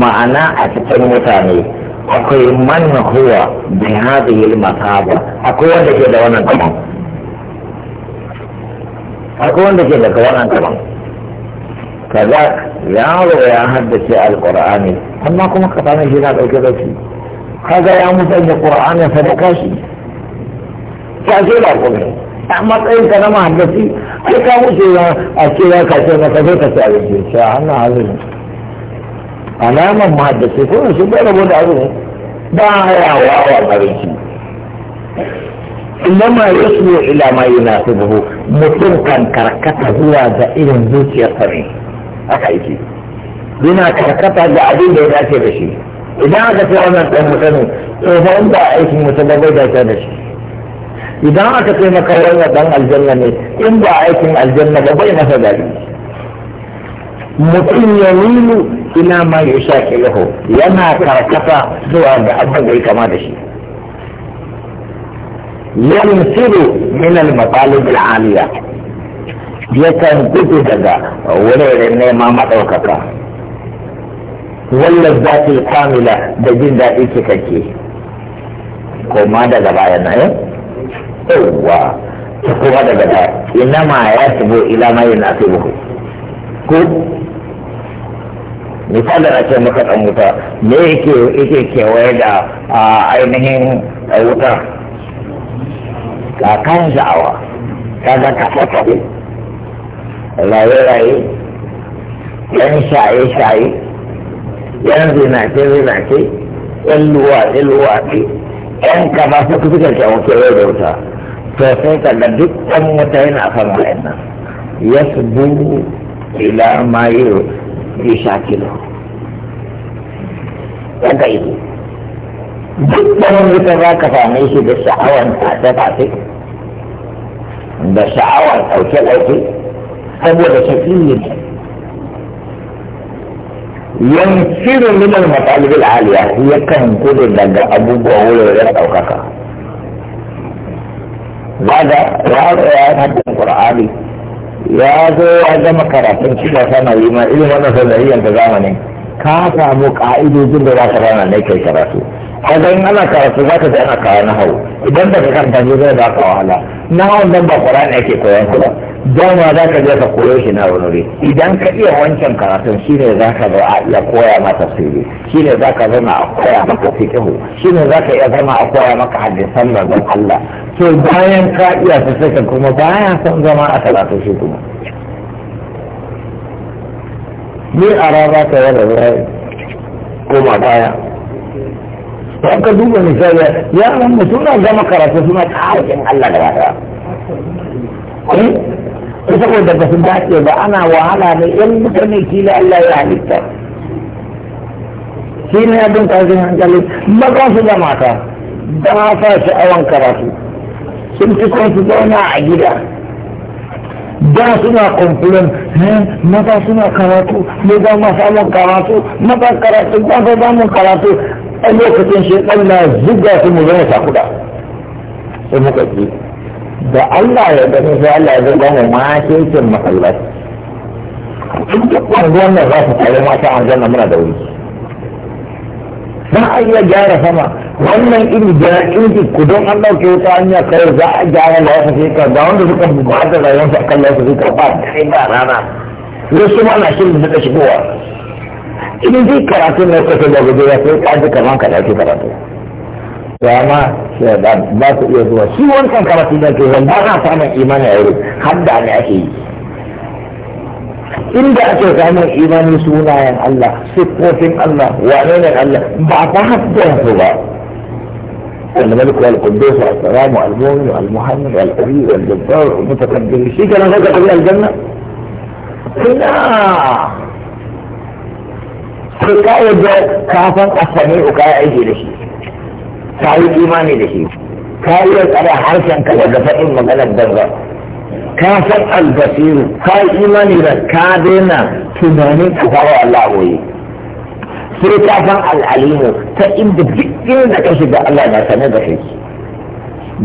S1: ma'ana a cikin mutane akwai man huwa bi hadhihi al-masaba akwai wanda ke da wannan kaman akwai wanda ke da wannan kaman kaza yaro ya haddace alqur'ani amma kuma ka shi na dauke da shi kaga ya musanya qur'ani sadaka shi ka ce ba ne a matsayin ka na mahaddasi ai ka wuce ya a ce ya ka ce na ka a abinci sai hannu azumi alamar mahaddasi ko su bai da da azumi ba ya wawa abinci إنما يصلو na su buhu mutum kan karkata zuwa ga irin zuciyarsa ne aka yi yana karkata da abin da ya dace da shi idan aka ce wannan ɗan mutane to fa in ba aikin mutum ba bai dace da shi idan aka ce maka wannan ɗan aljanna ne in ba aikin aljanna ba bai masa dadi mutum ya nilu ina ma ya sha kilahu yana karkata zuwa ga abin da ya kama da shi yansiru min al-matalib al-aliya yakan gudu daga wuraren nema maɗaukaka wallar yi kamila da jin daɗi cikakke koma daga baya na yau eh? yawwa ta kuma daga baya ina ma ya shigo ila ma yin ake muku ko misalin a ce maka ɗan wuta me yake yake kewaye da ainihin wuta kakan sha'awa kaga Ka kaɗe raye-raye ɗan shaye-shaye yan zinace ke yan luwa ke yan ba su kusa karki a wuce yau da wuta to sai ka ga duk ɗan wuta yana kan wa'in nan ya su bu ila ma yi sha kilo yan ka ido duk ɗan wuta za ka same shi da sha'awar tafe-tafe da sha'awar ɗauke-ɗauke saboda shafi ne ينفر من المطالب العالية هي كان كل دقة أبو بوهولة ويرد أو كاكا بعد رأى رأى القرآن يا ذو عزم كراتين شبا سنة لما إلما نفذ هي أنت زامني كافا مقائد وزن براسة رانا نيكي كراتو هذا إن أنا كراتو ذاك زينا كراتو إذن بك كانت ذاك وعلا نعم دنبا قرآن أكي كوين كلا dama za ka je ka koyo shi na wani idan ka iya wancan karatun shi ne za ka zo a iya koya ma tafsiri shi ne za ka zama a koya maka fiƙihu shi ne za ka iya zama a koya maka hadisan manzon Allah to bayan ka iya su sai kuma bayan son zama a karatu shi kuma ni a rana ta yadda zai koma baya don ka duba misali yaran mu suna gama karatu suna ƙarfin Allah da ba saboda ba su dace ba ana wahala ne yan mutane kila Allah ya halitta shi ne abin kashin hankali maza su da mata da sa sha'awan karatu sun fi kan su zauna a gida da suna kumfulin eh, maza suna karatu ne za mu samun karatu maza karatu ba za samun karatu a lokacin shi na zuga su mu zama sakuda sai muka ji da Allah ya gani sai Allah ya zama mu makincin masallaci in duk unguwan nan za su tare mata aljanna muna da wuri za a iya gyara sama wannan iri da inji ku don an ɗauke wata hanya kai za a gyara da wasu shekar da wanda suka bukata rayuwarsu a kan lafi suka ba dare ba rana wasu ma na shirin da shigowa idan zai karatu ne kusa da gujewa sai ka ji kaman ka ɗauki karatu dama shaidan ba su iya zuwa shi wancan karatu da ke zan ba na samun imani a wuri har da ne ake yi inda ake samun imani sunayen Allah siffofin Allah wane ne Allah ba ta haddana su ba الملك والقدوس والسلام والمؤمن والمحمد والقوي والجبار والمتقدم شيء كان هذا قبل الجنة لا حكاية كافا السميع وكاية عيدي لشيء ka yi imani da shi ka yi tsare harshen ka daga faɗin maganar banza ka san albasiru ka yi imani da ka daina tunanin ka fara Allah goyi sai ka san al'alimu ta inda duk inda ka shiga Allah na sane da kai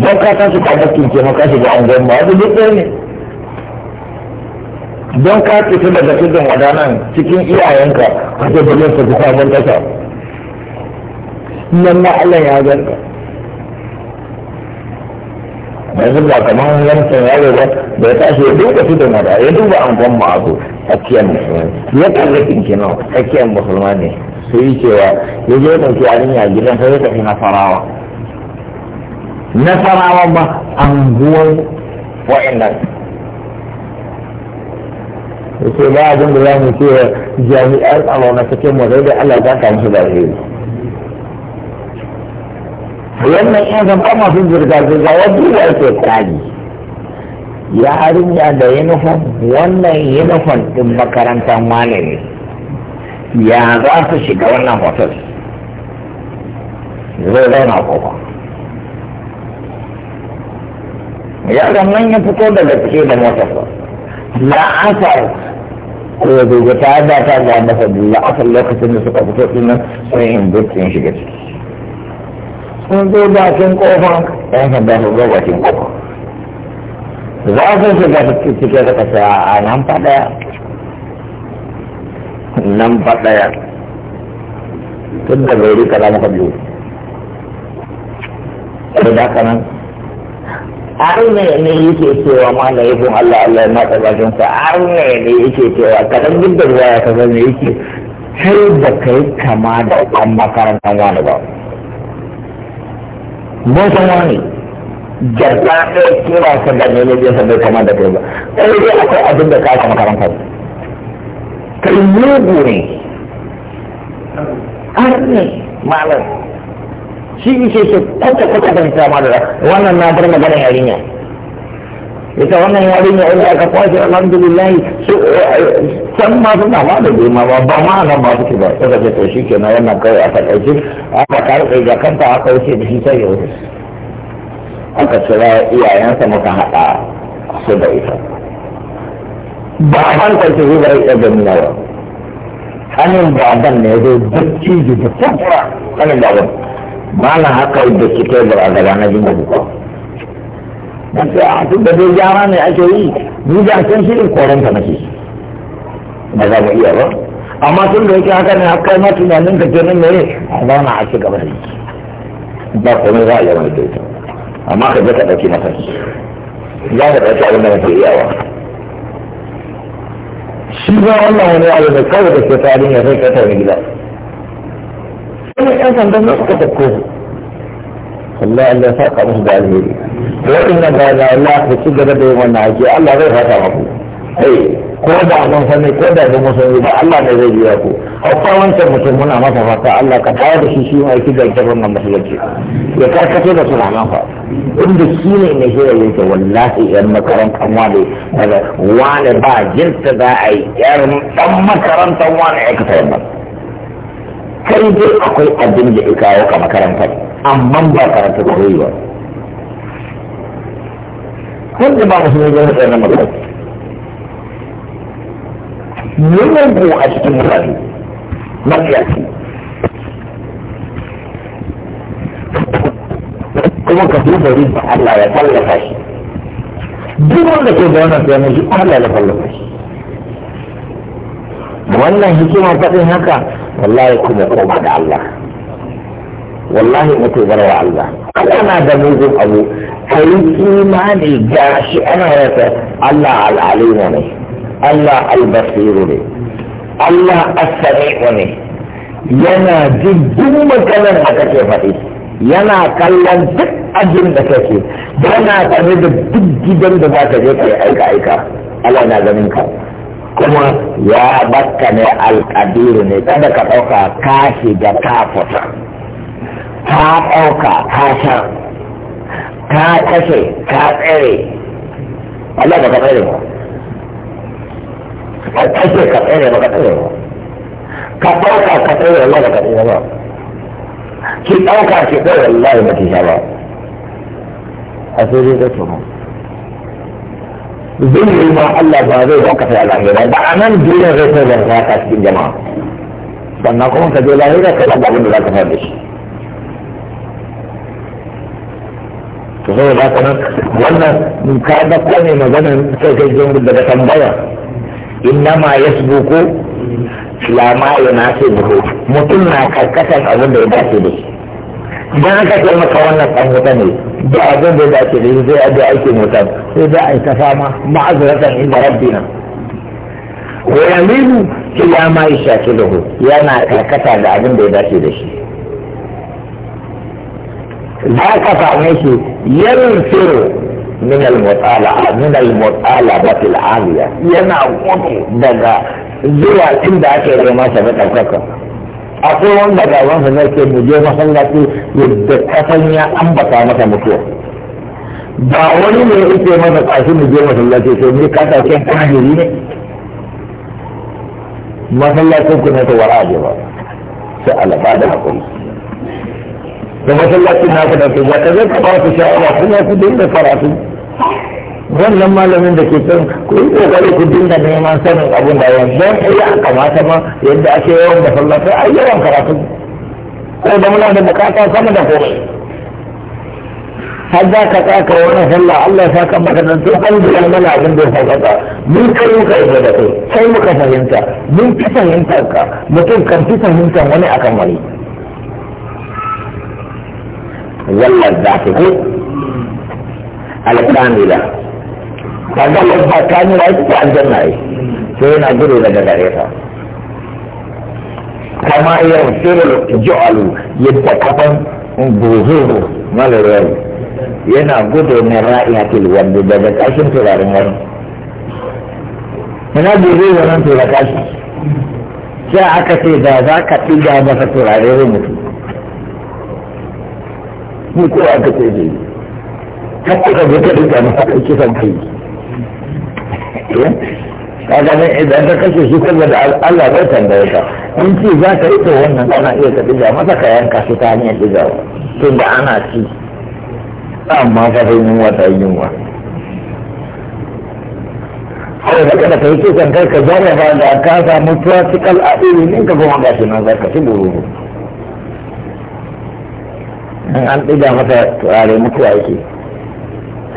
S1: don ka tashi ka bakin ke maka shiga an gwamma wani duk ne don ka fito daga tudun wadanan cikin iyayenka wajen da yin su ta samun tasha nan ma Allah ya zarka yanzu ba kamar wancan yaro ba da ya tashi ya duba fitin wada ya duba an gwan a tsakiyar musulman ya kallakin kino tsakiyar musulman ne su yi cewa ya je ɗauki yarinya gidan sai ya tafi nasarawa nasarawa ba an anguwar wa'annan sai ba abin da za mu ce jami'ar tsaro na cikin mu da Allah ya kamu musu da alheri wannan yan zamba masu zirga-zirga wadda ya ake tsari yarinya da yunifon wannan yunifon din makarantar malami ya za su shiga wannan hotel zai zauna kofa yaran nan ya fito daga cike da motarsa la'asar ko ya zo ta da ta ga masa la'asar lokacin da suka fito dinnan sai in burtsin shiga ciki sun zo bakin kofa yan sanda sun zo bakin kofa za su shiga cike da kasa a nan faɗaya nan faɗaya tun da gauri mu muka biyu da daga nan har ne yake cewa ma na yi kun Allah Allah na bakin sa har ne yake cewa kadan gidan ya kaza ne yake sai da kai kama da ɗan makarantar wani ba mun san wani jarta ɗaya kira ka da ne ya jesa bai kama da kai ɗaya dai akwai abin da ka makaranta kai mugu ne har ne malam shi ke ce kwanta kwanta da ta da wannan na bar maganar yarinya ita wannan yarinya inda aka kwashe alhamdulillah su san eh, ma suna ma da girma ba ba ma nan ba suke ba suka ce to shikenan wannan kai aka ɗauki aka karɓe ga kanta aka wuce da shi sai ya wuce aka kira iyayensa muka haɗa su da ita ba a hankali su zuwa iya ganin ba hannun baban ne zai bacci da fura hannun baban ba na haka da shi tebur a gaba na jin da a ce a tun da dai gyara ne ake yi ni da can shirin koren ka nake ba za mu iya ba amma tun da yake haka ne haka ma tunanin ka kenan ne a zauna a ci gaba da yi ba komai za a yi mai daita amma ka je ka ɗauki mataki za ka ɗauki abin da nake iyawa shi ba wannan wani abu da kawai da ke tsarin ya sai ka tafi gida wani 'yan sandan da suka tafko Allah Allah ya saka musu da alheri waɗannan da na Allah ku ci gaba da yin wannan aiki Allah zai fata maku ai ko da mun sani ko da ba mun sani ba Allah ne zai biya ku hatta wancan mutum muna masa fata Allah ka tayar da shi shi mai aiki da jabar nan masallaci ya karkace da su nan fa inda shi ne mai shirya yake wallahi yan makarantar wane daga wani ba jinta za a yi yar dan makarantar wani ya ka tayar kai dai akwai abin da ya kawo ka makarantar amma ba karanta koyi ba kun da ba musulmi ne da tsaye mutum a cikin mutane kuma ka duba ba Allah ya tallafa shi duk wanda ke da wannan tsaye Allah ya tallafa shi wannan hikimar faɗin haka wallahi kuma koma da Allah wallahi mutu bar wa Allah ana da mugun abu kai imani gashi ana rasa Allah al ne Allah al-basiru ne Allah as-sami'u ne yana jin duk maganar da kake faɗi yana kallon duk ajin da kake yana tare da duk gidan da zaka ka je kai aika aika Allah na ganin ka kuma ya bakka ne al ne kada ka ɗauka ka shiga ka ka ɗauka ka sha ka kashe ka tsere Allah ba ka tsere ba ka kashe ka tsere ba ka tsere ba ka ɗauka ka tsere Allah ba ka tsere ba
S3: ki ɗauka ki tsere Allah ba ki sha ba
S1: a sai dai zai mu zulmi ma Allah ba zai baka sai alahira ba a nan duniya zai sai da zaka cikin jama'a sannan kuma ka je lahira ka ɗauka abin da za ka fara da shi to sai ba nan wannan ka da ne magana sai kai jin daga tambaya ma yasbuku Ya yana ce buhu mutum na karkatar abin da ya dace da shi idan aka ce maka wannan kan wuta ne da abin da ya dace da shi zai a ga aikin wuta sai da a yi ta fama ma'azuratan inda rabbina wa yamilu ila ma dahu, yana karkata da abin da ya dace da shi za ka same shi yanfiru min al-mutala min al-mutala batil aliya yana gudu daga zuwa inda ake neman sa da ɗaukaka akwai wanda gaban sa zai ce mu je masallaci yadda kasan ya ambata masa mutuwa ba wani ne yake masa kashi mu muje masalaci to ta ce ne masallacin ku ta wara ba da masallacin ba da kuma ka zai fushi a wasu kuma ku dinga karatu wannan malamin da ke kan ku yi kokari ku dinga neman sanin abin da yanzu ya kamata ma yadda ake yawan da sallafi a yawan karatu ko da muna da bukata sama da kome. har za ka tsaka wani sallah Allah ya saka maka nan sai an biya mana abin da ya saka mun kai muka isa da kai sai muka fahimta mun fi fahimtar ka mutum kan fi fahimtar wani akan wani واللذات الكاملة kaga lamba kamila ita ta aljanna ai sai yana gudu daga gare ta kama yarsilul ju'alu yadda kafan buhuru malarai yana gudu min ra'ihatil wanda daga kashin turaren wani ina buhuru nan tura kashi sai aka ce da za ka ɗiga masa turare zai mutu ni ko aka ce ne har kuka zo ka duka masa kai kisan kai eh? kaga ne idan ka kashe shi da Allah bai tambaye ka in ce za ka yi to wannan kana iya ka diga masa ka yanka shi ta hanyar digawa tun da ana ci amma fa sai yunwa ta yunwa kawai da kada ka yi kisan kai ka ba da ka samu practical a ilimin ka goma gashi nan za ka fi bururu an ɗiga masa turare mutuwa yake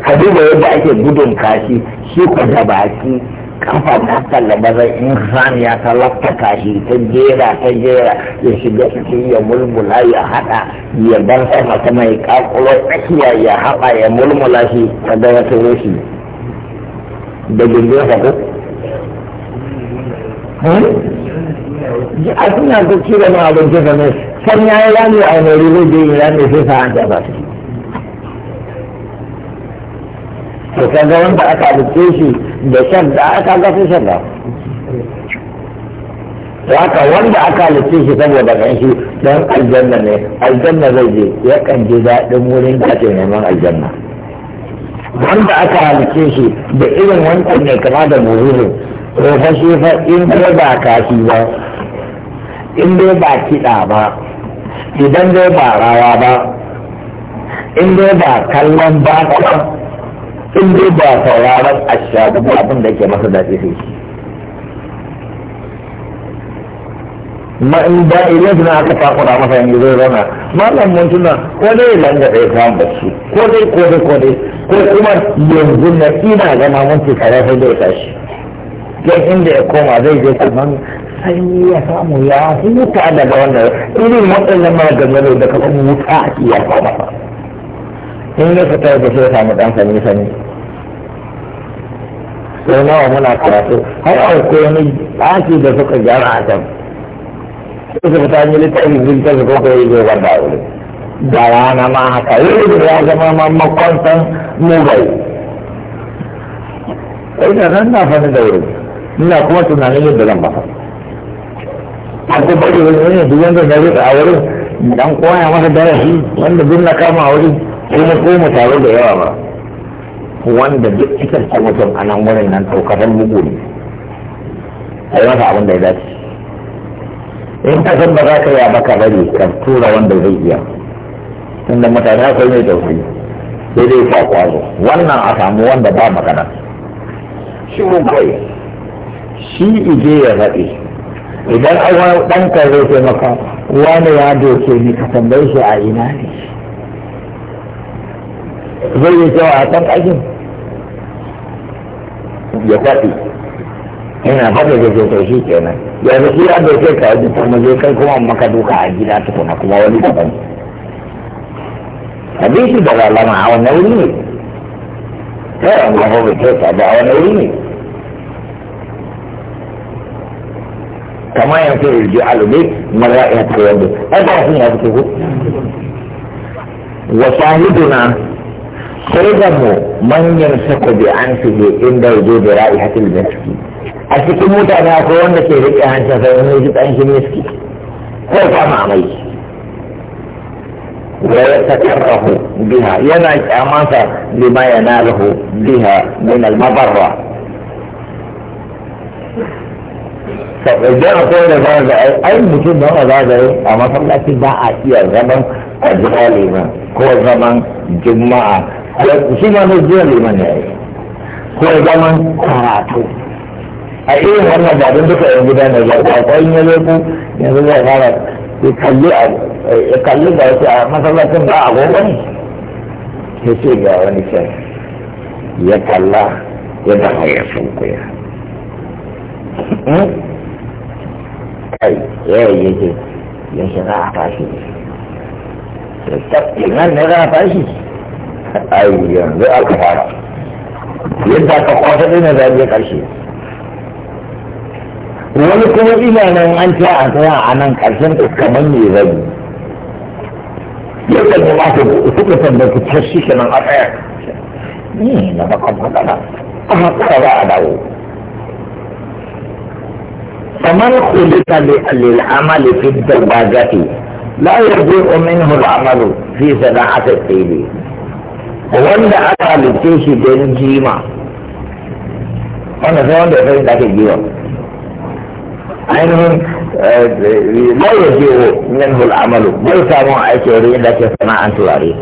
S1: Habiba yadda ake gudun kashi shi ku da baki kafa ta ba zai in ran ya ta lafta kashi ta jera ta jera ya shiga cikin ya mulmula ya haɗa ya bar sama ta mai kakulo tsakiya ya haɗa ya mulmula shi ta da wata roshi da gindin sa ko hmm? a suna duk kira na abincin da kan ya yi rami a wani wuri zai yi rami sai sa an jaba shi to kaga wanda aka abuce shi da shan da aka ga sai shan da to haka wanda aka halitta shi saboda shi dan aljanna ne aljanna zai je ya kan je daɗin wurin da ake neman aljanna wanda aka halitta shi da irin wancan ne kama da muhimmi ko fa shi fa in dai ba kashi ba in dai ba kiɗa ba idan dai ba rawa ba in dai ba kallon ba in dai ba sauraron ba abin da ke masa daɗi sai shi ma in ba idan suna aka takura masa yanzu zai zauna malam mun tuna ko dai langa ɗaya samun bacci ko dai ko dai ko dai ko kuma yanzu na ina gama mun ce kare sai dai tashi don inda ya koma zai je kuma sanyi ya samu ya huta daga wannan irin waɗannan maganganu da kamar wuta a iya kama in ya fita da sai samu ɗan sanyi sanyi sau nawa muna karatu har a ko wani ɗaki da suka gyara a can sai su fita yi littafin jirgin su kuma yi zai wanda a wuri da rana ma haka yau ya zama ma makwantan mugai sai da ran na fani da wuri ina kuma tunanin yadda zan ba fa. a ko bari wani ne duk wanda na rika a wurin dan koya masa darasi wanda duk na kama a wurin sai na koma taro da yawa ba wanda duk isar ta mutum a nan wurin nan ɗaukatan bugu ne a yi masa abin da ya dace in ka san ba za ka yi a baka bari ka tura wanda zai iya tunda mutane akwai mai tausayi sai dai sa kwazo wannan a samu wanda ba magana shi mun kai shi ije ya faɗi idan awa ɗanka zai ce maka wani ya doke ni ka tambaye shi a ina ne zai yi cewa a kan ajin ya faɗi ina faɗi da ke kai shi kenan ya da shi ya doke ka ajin kuma zai kai kuma maka duka a gida tukuna kuma wani daban abin shi da lalama a wani wuri ne kai an gafo bai kai ka da a wani wuri ne كما يصير الجعل به ملائكه الوضوء هذا حين يكتبه وشاهدنا سيدنا من يمسك بأنفه عند وجود رائحة المسك أتكي موتا أنا أقول لك يريد أن تفهم وجود أنف المسك كيف أمامي ويتكره بها ينعي أمانته لما يناله بها من المضرة idan akwai da zagaye ai mutum don a zagaye a masallaci ba a iya zaman a jira liman ko zaman juma'a shi ma na jira liman ya yi ko zaman karatu a irin wannan ba don duka yan gida na zai kwakwai ya zai ku yanzu zai fara ya kalli da wasu a masallacin ba a gobe ne ya ce ga wani can ya kalla ya da hayar sun kuya hmm? kai ya eh, yi yake yaushe za a tafi nan ne za a tashi ai yanzu aka fara yadda aka kwasa ɗin na zaɓe ƙarshe wani kuma ina nan an ta a tsaya a nan ƙarshen ka kamar ne zabi yadda ne ma su suka tabbata ta shi kenan a tsaya ne hmm, na bakan magana a haƙura za a dawo فمن خلق للعمل في الدراجة لا يضيع منه العمل في صناعة الطيب وان دعك للجيش بين جيما وانا فهم بفهم ذاك الجيما عينهم آه، لا يضيع منه العمل ما يسامع عشوري لك صناعة تواري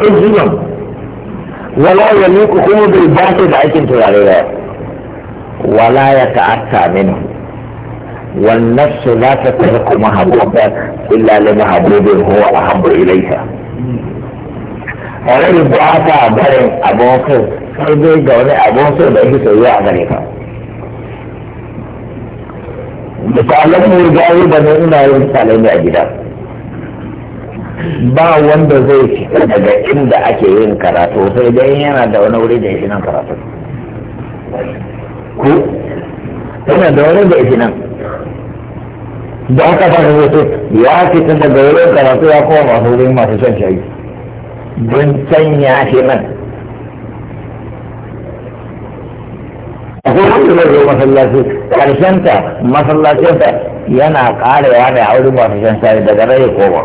S1: الجيما ولا يليق قوم بالباطل عشوري ولا يتأتى منه والنفس لا تترك محبوبا إلا لمحبوب هو أحب إليها wani rubuta a barin abokin sai dai ga wani abokin da yake soyuwa a gare ka misalan murgaye da ne ina yin misalai ne a gida ba wanda zai fita daga inda ake yin karatu sai dai yana da wani wuri da ya nan karatu ko yana da wani da yake nan da haka ta ka zo ya fita daga wurin karatu ya kowa masu wurin masu shan shayi don sanya shi nan akwai wanda zai zo masallaci karshenta masallacinta yana karewa da ya wurin masu shan shayi daga rai koma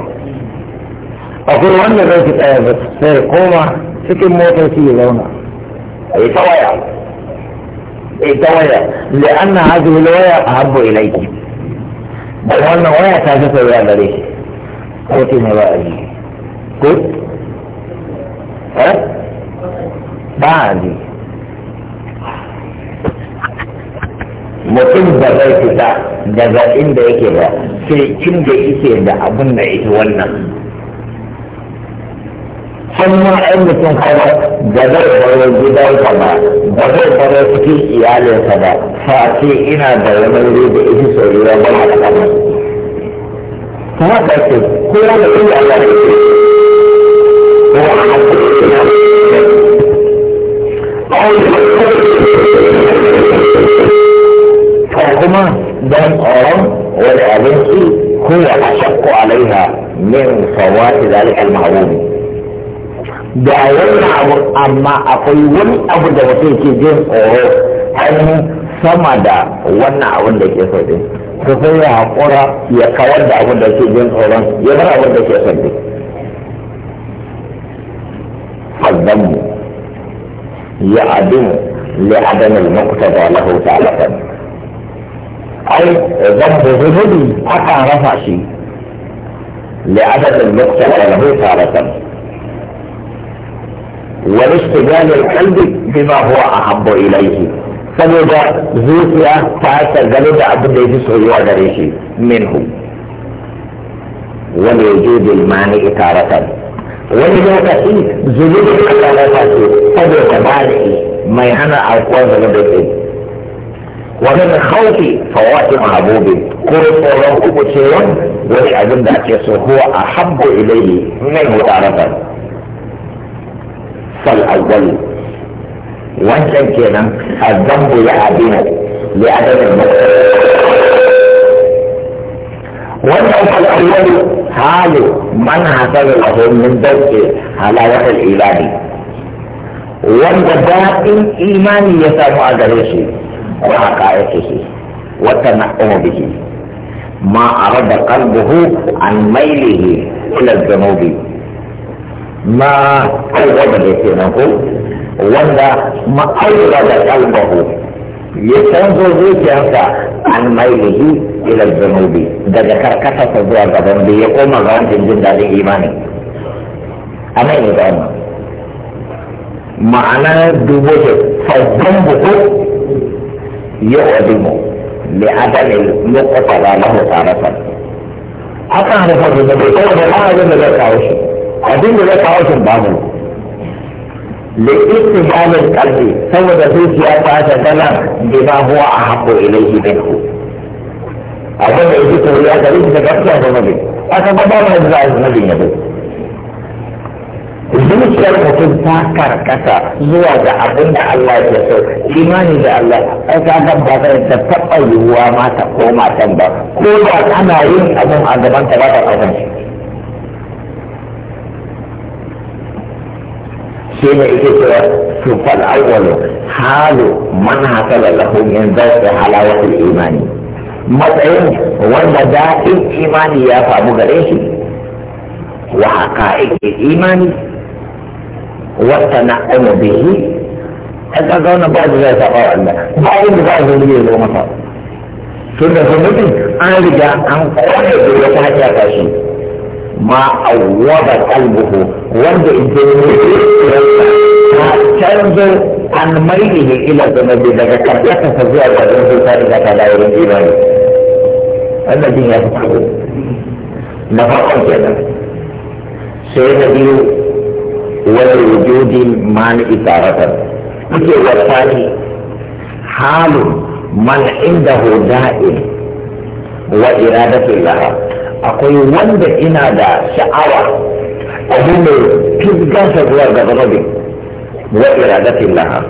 S1: akwai wanda zai fi tsaya sai koma cikin motar shi ya zauna a yi tawaya ita waya da an na waya a habbo ilaiki ba wannan waya ta fi sauya gare shi ko ce ne ba a yi ko eh? ba a yi. mutum da zai fita daga inda yake ba sai kin da yake da abin da ita wannan sannan ai mutum kaza da zai baro gidansa ba da zai baro cikin iyalinsa ba face ina da wani wuri da ita soyayya ba a kama ta haka ce ko da iya Allah ne
S3: ko a haka ina
S1: ko kuma don tsoron wani abinci ko ya ashakku alaiha min sawati zalika al-ma'ruf da wannan abu amma akwai wani abu da mutum ke jin tsoro hannu sama da wannan abun da ke sauɗe ka sai ya haƙura ya kawar da abun da ke jin tsoron ya bar abun da ke sauɗe fadammu ya adin li adamul makuta da lahu ta kan ai zan bugudi akan rafa shi li adamul makuta da lahu ta kan والاستجابة القلب بما هو أحب إليه saboda zuciya ta shagalu da abin da ya fi soyuwa gare shi minhu wani ya je bilmani itaratan wani lokaci zunubin akalata ce saboda bani mai hana aukuwar zama da ke wani da hauki fawati mahabubin ko tsoron kuɓucewan wani abinda ake so huwa a habbo ilaihi min mutaratan الاول وانتم كنا الذنب لأبينا لأدب المسلم وانتم الأول حال من حصل لهم من ذلك حلاوة الإيمان وانتباق إيمان يسمى أدريسي وحقائقه والتنعم به ما أراد قلبه عن ميله إلى الذنوب ma kawo da yake nan ko wanda ma ma'aura da kalbahu ya san canzo zuciyarsa an mailihi ila zunubi daga karkasa ta zuwa gaban da ya koma ga wancan jin daɗin imani a nan ne ga wannan ma'ana dubo da sabbin buku ya wadimu le adami ya kofa ba na hutsa ta sa akan rufa da bai kawo da ma'azin da zai kawo shi abin da na kawo shi babu da halin kalbi saboda zuciya ta ta tana da ba huwa a haƙo ilaihi da ku abin da ita tori a gari da gaskiya da mabi a kan ba ma za a yi mabi
S2: ya zuciyar mutum ta karkata zuwa ga abin da Allah ya so
S1: imani da Allah ai ka ga ba ka ta taba yiwuwa ma ta koma ba ko ba kana yin abin a gaban ta ba ta kasance shi ne yake cewa su fal awwalu halu man hasala lahu min zawqi halawatil imani matsayin wanda da'in imani ya famu gare shi wa haqa'iqi imani wa tana'umu bihi kaga ga wannan ba da zai saba Allah ba inda za a zo ne zo masa tunda sun mutum an riga an kone da wata hanya ta shi ma awwada qalbuhu wanda idan ya canza an mailihi ila zanabi daga karkata ta zuwa ga zanabi ta riga ta dawo wurin imani wannan jin ya fito na farkon kenan sai na biyu wani wujudi mani man akwai wanda ina da sha'awa abu mai fizgansa zuwa ga zanobi wa iradatin laha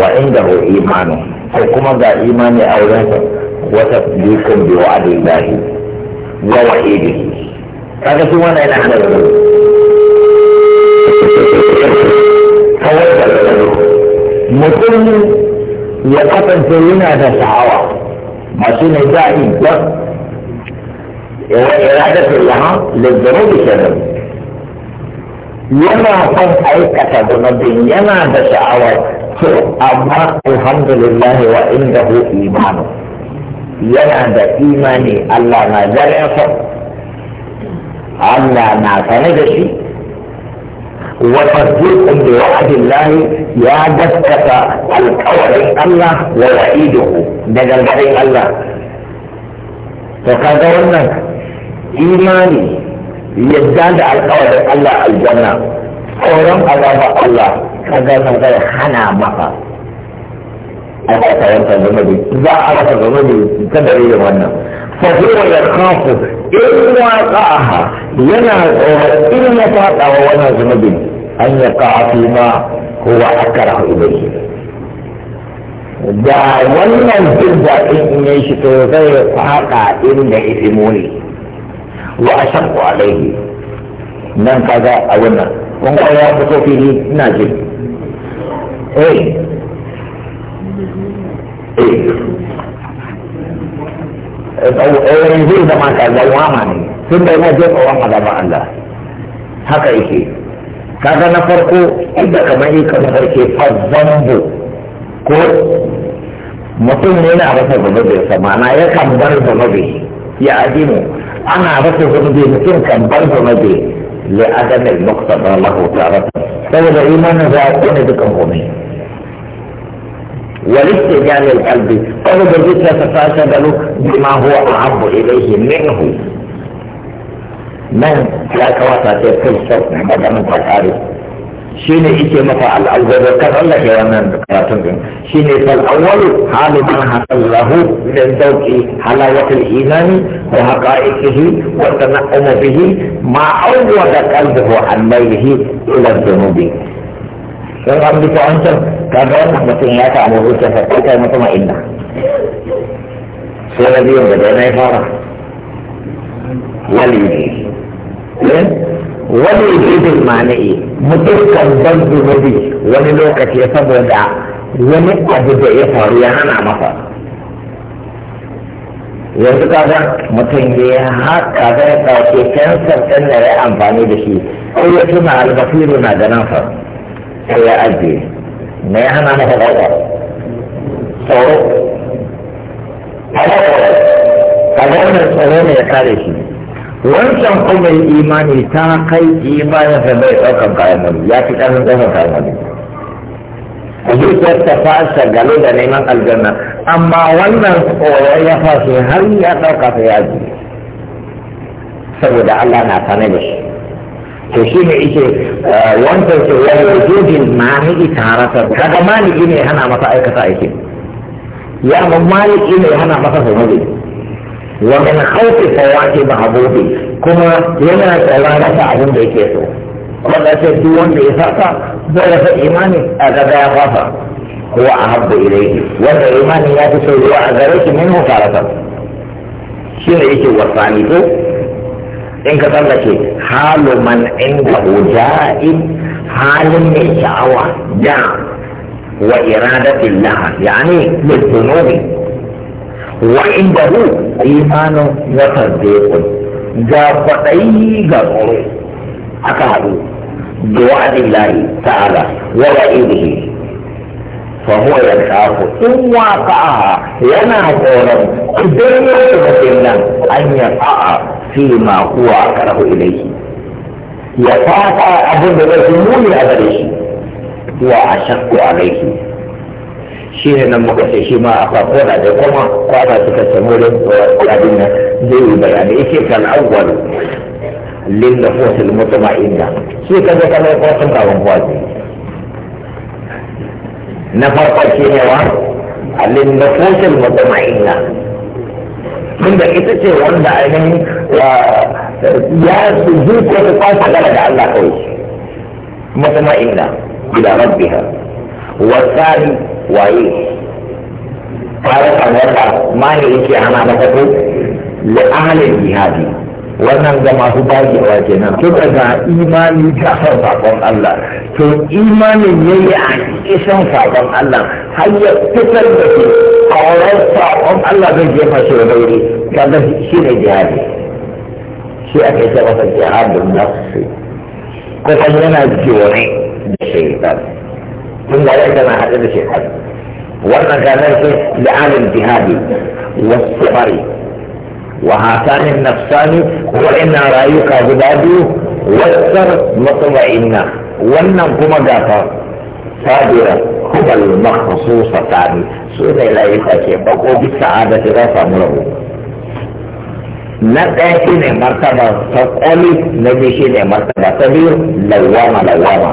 S1: wa inda ho imanu ko kuma ga imani a wurinsa wata bikon biyu adin dahi wa wa'idi kaga shi wannan yana hada da kawai da zanobi mutum ya kasance yana da sha'awa masu ne za'i يعني الهدف للذنوب سبب لما قد أي ذنب يما بس عوض اما الحمد لله وإنه ايمانه لما ده ايماني الله ما زال يصر الله ما فنجد شيء
S3: وتصديق بوعد الله يا دفكة القول الله ووعيده ده قال الله
S1: فقد ظننت imani yadda da alƙawarin Allah aljanna tsoron azaba Allah ka gana zai hana maka a kasa yanka zama za a rasa zama da ta da wannan fahimu ya kafu in waƙa'aha yana tsoron in ya faɗawa wannan zunubin an ya kafi ma kowa ibe shi. da wannan jin in yi shi to zai faɗa inda muni. wa ashaqqu alaihi nan kaga a wannan kun ga ya fito fili ina ji eh
S3: eh ɗaurin
S1: eh, eh, zai zama ka ma ne tun da yana jefa wa azaba Allah haka yake kaga na farko inda kamar yi kamar farke fazzambo ko mutum ne na rasa zama bai sama na yakan bar zama ya adimu أنا رسل قلبي مثل كان برضه مدي لعدم المقتضى له تعالى فإذا إيمان ذا يكون بكمهومين والاستجال القلب قلب لا تتشغل بما هو أحب إليه منه من لا كواتا في الصوت بدل من تكاري shine ne ike maka al'awwal kan Allah ke wannan karatun din shine fal awwal halu man hasallahu min dauki halawatul imani wa haqa'iqihi wa tanaqqumu bihi ma awwada qalbuhu an maylihi ila dhunubi dan an bi ta'ancan kaga wannan mutum ya samu amuru ta kai kai mutum inna sai da biyan da dai fara wali ne wali ne bil mana'i mutukan ban zunubi wani lokaci saboda wani abu da ya faru ya hana masa yanzu kaga mutum ya haka ya ɗauke kyansar ɗin da ya amfani da shi ko ya tuna albasiru na ganin sa sai ya ajiye me ya hana masa ɗauka tsoro kaga wannan tsoro ne ya kare shi wancan kuma imani ta kai imanin sa bai ɗaukar kayan wani ya fi ƙarfin ɗaukar kayan wani zuciyar ta fasa galo da neman aljanna amma wannan tsoron ya fasa har ya ɗauka ta yaji saboda Allah na sanar da shi to shi ne ike eh, wancan tsoron da zujin mani tarasa kaga maliki ne hana masa aikata aikin ya mun ne hana masa zunubi wa min khawfi fawati mahbubi kuma yana tsara rasa abin da yake so wanda sai duk wanda ya saka da rasa imani a gaba ya fasa huwa ahabbu ilayhi wanda imani ya fi so zuwa a gare shi min mutarata shi ne yake wasani to in ka tsallake halu man inda ja'in halin mai sha'awa da wa iradatin laha yani lil wa'in da hu imanin watan da ya ga faɗai ga tsoro aka haɗu da wa'adin layi ta'ala wa ra'i da yi famu ya shafu in waka a yana tsoron idan ya fi mafin nan an ya fa'a fi ma kuwa aka rahu ilai ya fata abin da zai muni a gare shi wa a shakku a gaishe shi ne nan muka ce shi ma a kwana da kuma kwana suka samu da abin nan zai yi bayani yake kan awwal lil nafs al mutma'inna shi kaza kamar kwasan kawon kwazi
S2: na farko shi ne
S1: wa lil nafs al mutma'inna
S3: tunda ita ce wanda ainihin ya su zuciya ta kwasa gara da Allah kawai
S1: mutma'inna ila rabbiha wa tsari waye tarikan wata mani yake ana mata ko li ahli jihadi wannan ga masu wa kenan to ga imani ta son sakon Allah to imanin ya yayi a isan sakon Allah har ya fitar da shi a wurin sakon Allah zai jefa fashe da wuri kada shi ne jihadi shi aka yi na jihadin nafsi kan yana jore da shaitan tun da ita na haɗe da shekaru wannan ganar ce li'alin jihadi wasu bari wa hasanin nafsani ina rayuka guda biyu wasar mutuma'inna wannan kuma gafa sabira kubal makhsusa tani su ne layuka ke bako bisa adati za samu rabo na ɗaya shi ne martaba ta ƙoli na biyu shi ne martaba ta biyu lawama lawama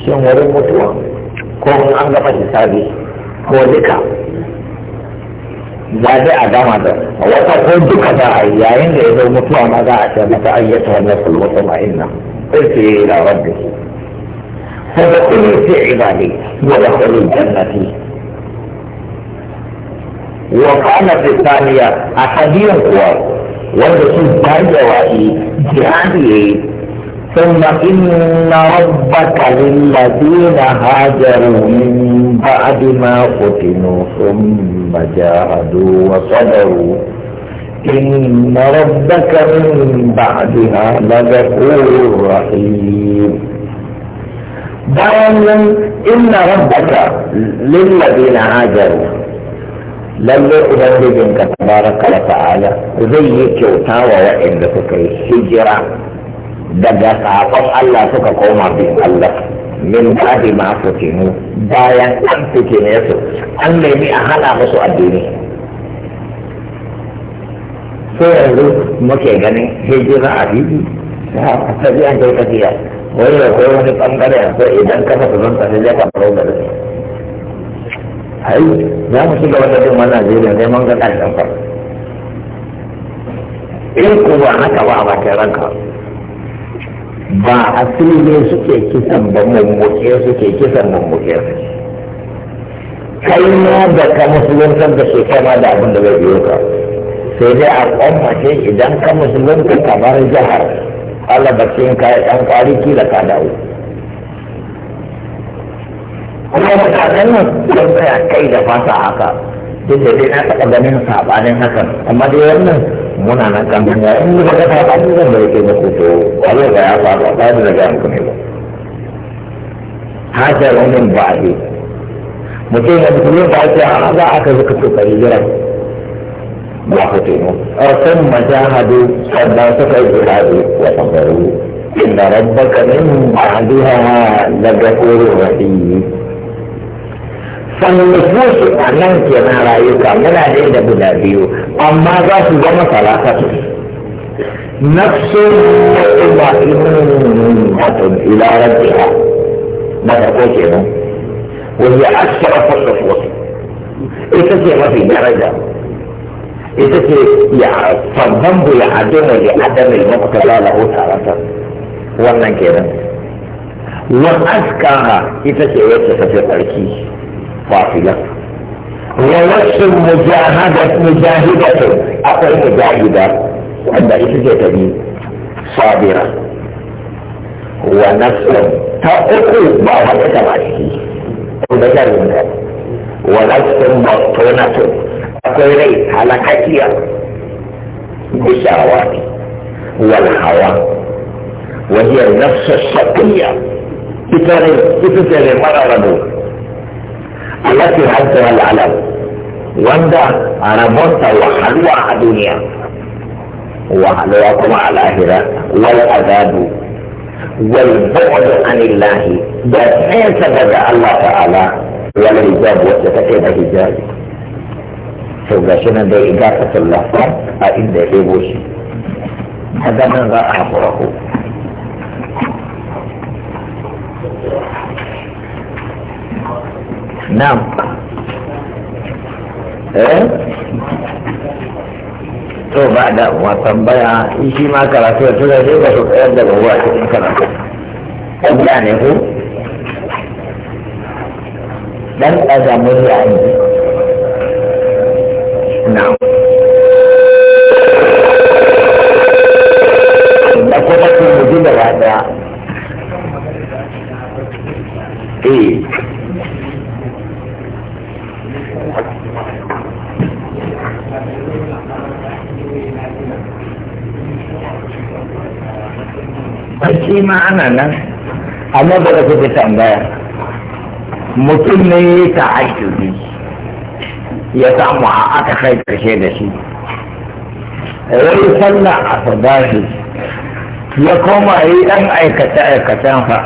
S1: shin wurin mutuwa ko an gama hisabi ko duka za dai a gama da wata ko duka za a yi yayin da ya zo mutuwa ma za a ce mata ayyata wannan kulwata ma'inna irfi ila rabbi فدخلوا في عبادي ودخلوا الجنة وقال في الثانية أحدهم هو wanda sun bayyawa yi jihadi ya yi ثم إن ربك للذين هاجروا من بعد ما قتلوا ثم جاهدوا وصبروا إن ربك من بعدها لغفور رحيم دائما إن ربك للذين هاجروا lalle ubangijinka tabaraka wa ta'ala zai yi kyauta wa wa'anda daga saƙon Allah suka koma bin Allah min ba'di ma fitinu bayan an fitine su an nemi a hana musu addini so yanzu muke ganin hijira a fili ta tafiya ta tafiya wani da kai wani bangare sai idan ka su zan tafi zai ka faro da su, ai za mu shiga wata jin wannan Najeriya sai mun ga ƙarshen farko in kuwa haka ba a bakin ranka ba a ne suke kisan ba mummuke suke kisan mummuke su. kai ma da ka musuluntar da shi ma da abin da zai biyo ka sai dai a kwammace idan ka musulunkan kamar jihar Allah bakin ka yan kwari kila ka dawo kuma mutanen nan sun tsaya kai da fasa haka duk da dai na taɓa ganin saɓanin hakan amma dai wannan muna nan kan hanya in yi baka ta abubuwan da yake muku to Allah ga ya faru ba da daga muku ne ba haka wannan ba a yi mutum ya mutum ba ce a za a kai suka yi jira ba ku taimu arsan majahadu sannan suka yi jihadi wa tambaru inda rabbaka min ba'daha la ghafurur rahim فالنفوس أمن كما رأيك من هذه البلاديو أما ذات يوم ثلاثة نفس مطمئنة إلى ربها ما تقول وهي أكثر فصفوة إتسي ما في درجة إتسي فالذنب يعدم لعدم المقتضى له تارة ومن كده وأزكاها إتسي ويتسي في قلبي باطلة ونفس مجاهدة مجاهدة أقول مجاهدة وعند وأن إتجتني صابرة ونفس تقول ما هذا تماشي وبشر ونفس مطونة أقول لي على كثير بالشهوات والهوى وهي النفس الشقية تتري تتري مرة ربو
S3: التي عدها العلم
S1: وندى على موتى وحلوى على الدنيا وحلواكم على الآخرة والعذاب والبعد عن الله بس ان سبب الله تعالى والحجاب وتتكيد حجاب سوف شنا دي إجابة الله فان أين دي إيبوش هذا من غير أخره na'am eh? to ba da wa tambaya shi ma karatu da ba su tsayar da babuwa cikin karatu ɗan ne ko ɗan ɗaga murya ne da kuma tun mutum da ba eh bacci ma ana nan amma ba da kuka tambaya mutum ne ya ta aiki ya samu a aka kai karshe da shi rai sallah a sabahi ya koma yi ɗan aikace fa.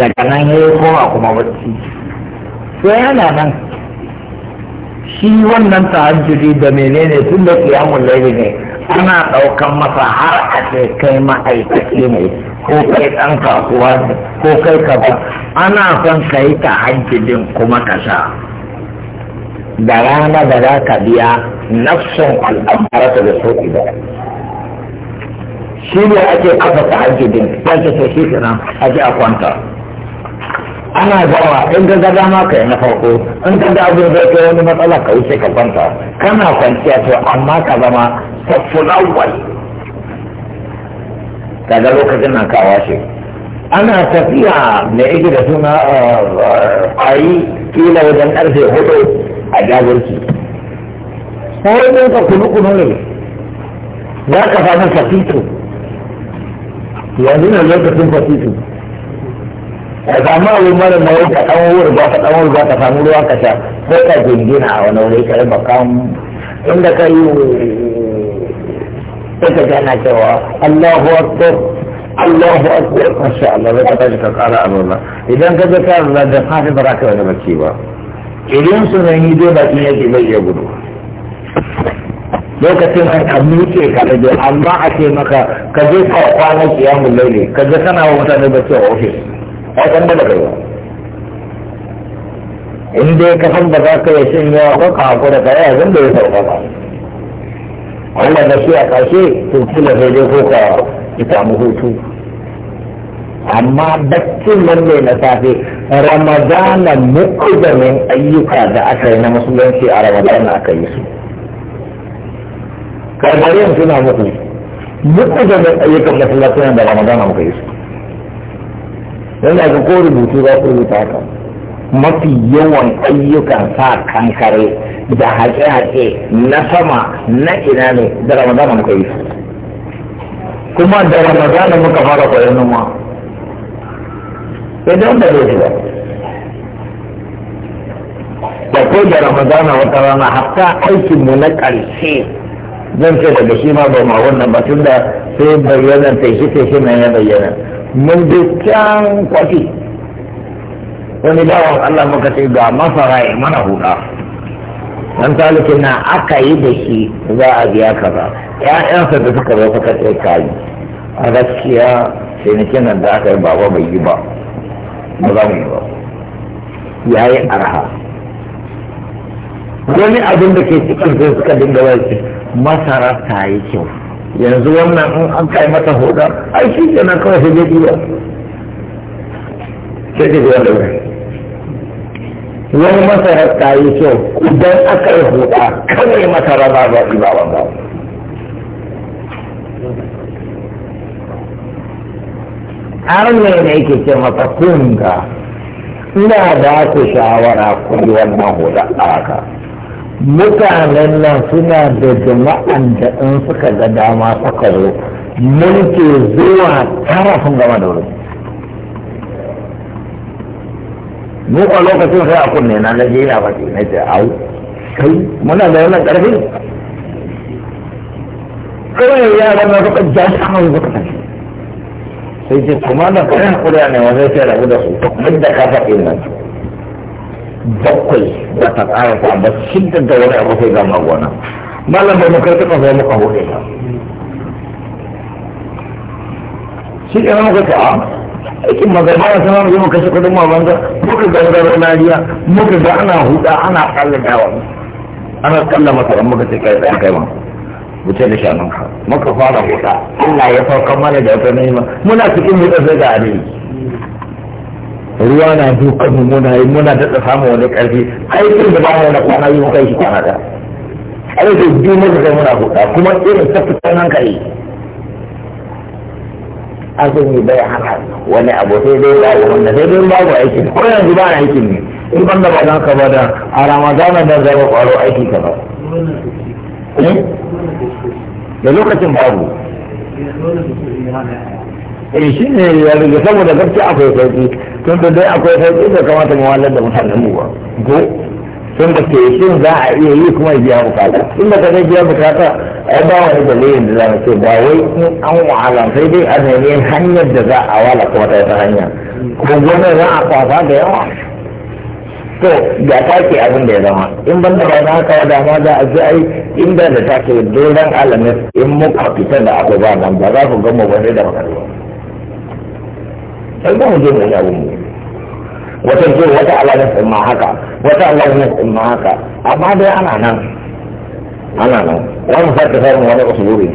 S1: daga nan ya yi koma kuma bacci sai yana nan shi wannan tahajjudi da menene tun da kiyamun laifin ne ana ɗaukan masa har a ce kai ma'aikaci ne ko kai ɗan kasuwa ne ko kai kaza ana son ka yi ta hankilin kuma ka sha da rana da za ka biya nafsun al'amarata da sauƙi ba shi ne ake kafa ta hankilin ɗan ta shi kenan ake a kwanta ana zawa in ga gaza ma kai na farko in ka ga abin da ke wani matsala ka wuce ka kwanta kana kwanciya to amma ka zama saffun awwal kaga lokacin nan ka washe ana tafiya da yake da suna eh, eh, a yi kila wajen karfe hudu a jagorki sauran ka kunu kunu ne za ka samu fasitu. yanzu ne lokacin fasitu. ka samu abin mara na ka ɗan wuri ba ka ɗan wuri ba ka samu ruwa ka sha ko ka jingina a wani wuri ka riba kan inda ka yi sai ka gana cewa Allahu Akbar Allahu Akbar masha Allah zai ka tashi ka ƙara Allah idan ka ga ka da fata ba za ka wani bacci ba idan su nan yi dai bakin yake bai iya gudu lokacin an abu ce ka rage amma a ce maka ka je ka kwana kiyamun laili ka je kana wa mutane bacci a ofis ba san da kai ba in dai ka san da za ka yi shin yawa ko ka hakura da yi abin da ya ba Allah na shi a ƙarshe to kila sai dai ko ka samu hutu amma baccin nan ne na safe ramadana mukudamin ayyuka da aka yi na musulunci a ramadana aka yi su karbarin suna muku mukudamin ayyukan musulunci da ramadana muka yi su yana ga ko rubutu za ku rubuta haka mafi yawan ayyukan sa kankare da haƙe-haƙe na sama na ina ne da ramadana muka yi kuma da ramadana muka fara koyon noma idan da zai ba da ko da ramadana wata rana hatta aikinmu na ƙarshe zan ce daga shi ma ba ma wannan ba tun da sai bayyana ta shi ta shi na ya bayyana mun je can kwafi wani bawan Allah muka ce ga masara ya mana huda dan talike na aka yi da shi za a biya kaza ƴaƴansa da suka zo suka ce kayi a gaskiya sai ni kenan da aka yi baba bai yi ba ba za mu yi ba ya yi arha wani abin da ke cikin sai suka dinga wai masara ta yi kyau yanzu wannan in an kai mata hoda ai shi ke nan kawai sai dai duba sai dai wanda wani wani masara ta yi kyau idan aka yi hoda kawai mata rana ba ɗi ba wanda har ne ne yake ce masa kunga ina da ku shawara kuri wannan hoda a haka mutanen nan suna da jama'an da in suka ga dama suka zo mun zuwa tara sun gama da wuri mu a lokacin sai a kunne na na je na faɗi na ce au kai muna da wannan ƙarfi kawai yaran na suka ja su kawai suka tafi sai ce kuma na kayan kuriya ne wanda sai rabu da su duk da ka faɗi nan bakwai da ta ƙarasa ba shidda da wani abu sai zama gona malam bai muka tuka sai muka hude ta shi ɗaya muka ta aikin magana ya sama mu muka shi kudin mabanza muka ga wuraren nariya muka ga ana huda ana kalladawa ana kalla masa muka ce kai tsaye kai ma wuce da shanunka muka fara huda Allah ya farkon mana da wata nema muna cikin hudu sai ga adini ruwa na dukan mu muna yi muna tsafa samun wani ƙarfi aikin da ba mu na kwana yi muka yi kwana da ana da biyu muka kai muna huɗa kuma irin kai fitan hankali azumi bai hana wani abu sai dai babu wanda sai dai babu aikin ko yanzu ba na aikin ne in ban da ba kaba ka ba da a ramadana da zai ƙwaro aiki ka ba eh? da lokacin babu eh shi ne ya da saboda gaskiya akwai sauki tun da dai akwai sauƙi da kamata mu wallar da mutanen mu ba ko sun da ke shin za a iya yi kuma biya bukata tun da ka zai biya bukata ai ba wani dalilin da za mu ce ba wai in an wahala sai dai a nemi hanyar da za a wala kuma ta wata hanya ko gwamnati za a kwasa da yawa to ga take abin da ya zama in banda ba za ka ma za a ji ai inda da take doron alamin in muka fitar da abu ba nan ba za ku gama ba da makarwa sai ba mu je mu yi abin mu wata ce wata alamin ɗin ma haka wata alamin ɗin ma haka amma dai ana nan ana nan wani sake samun wani usulubi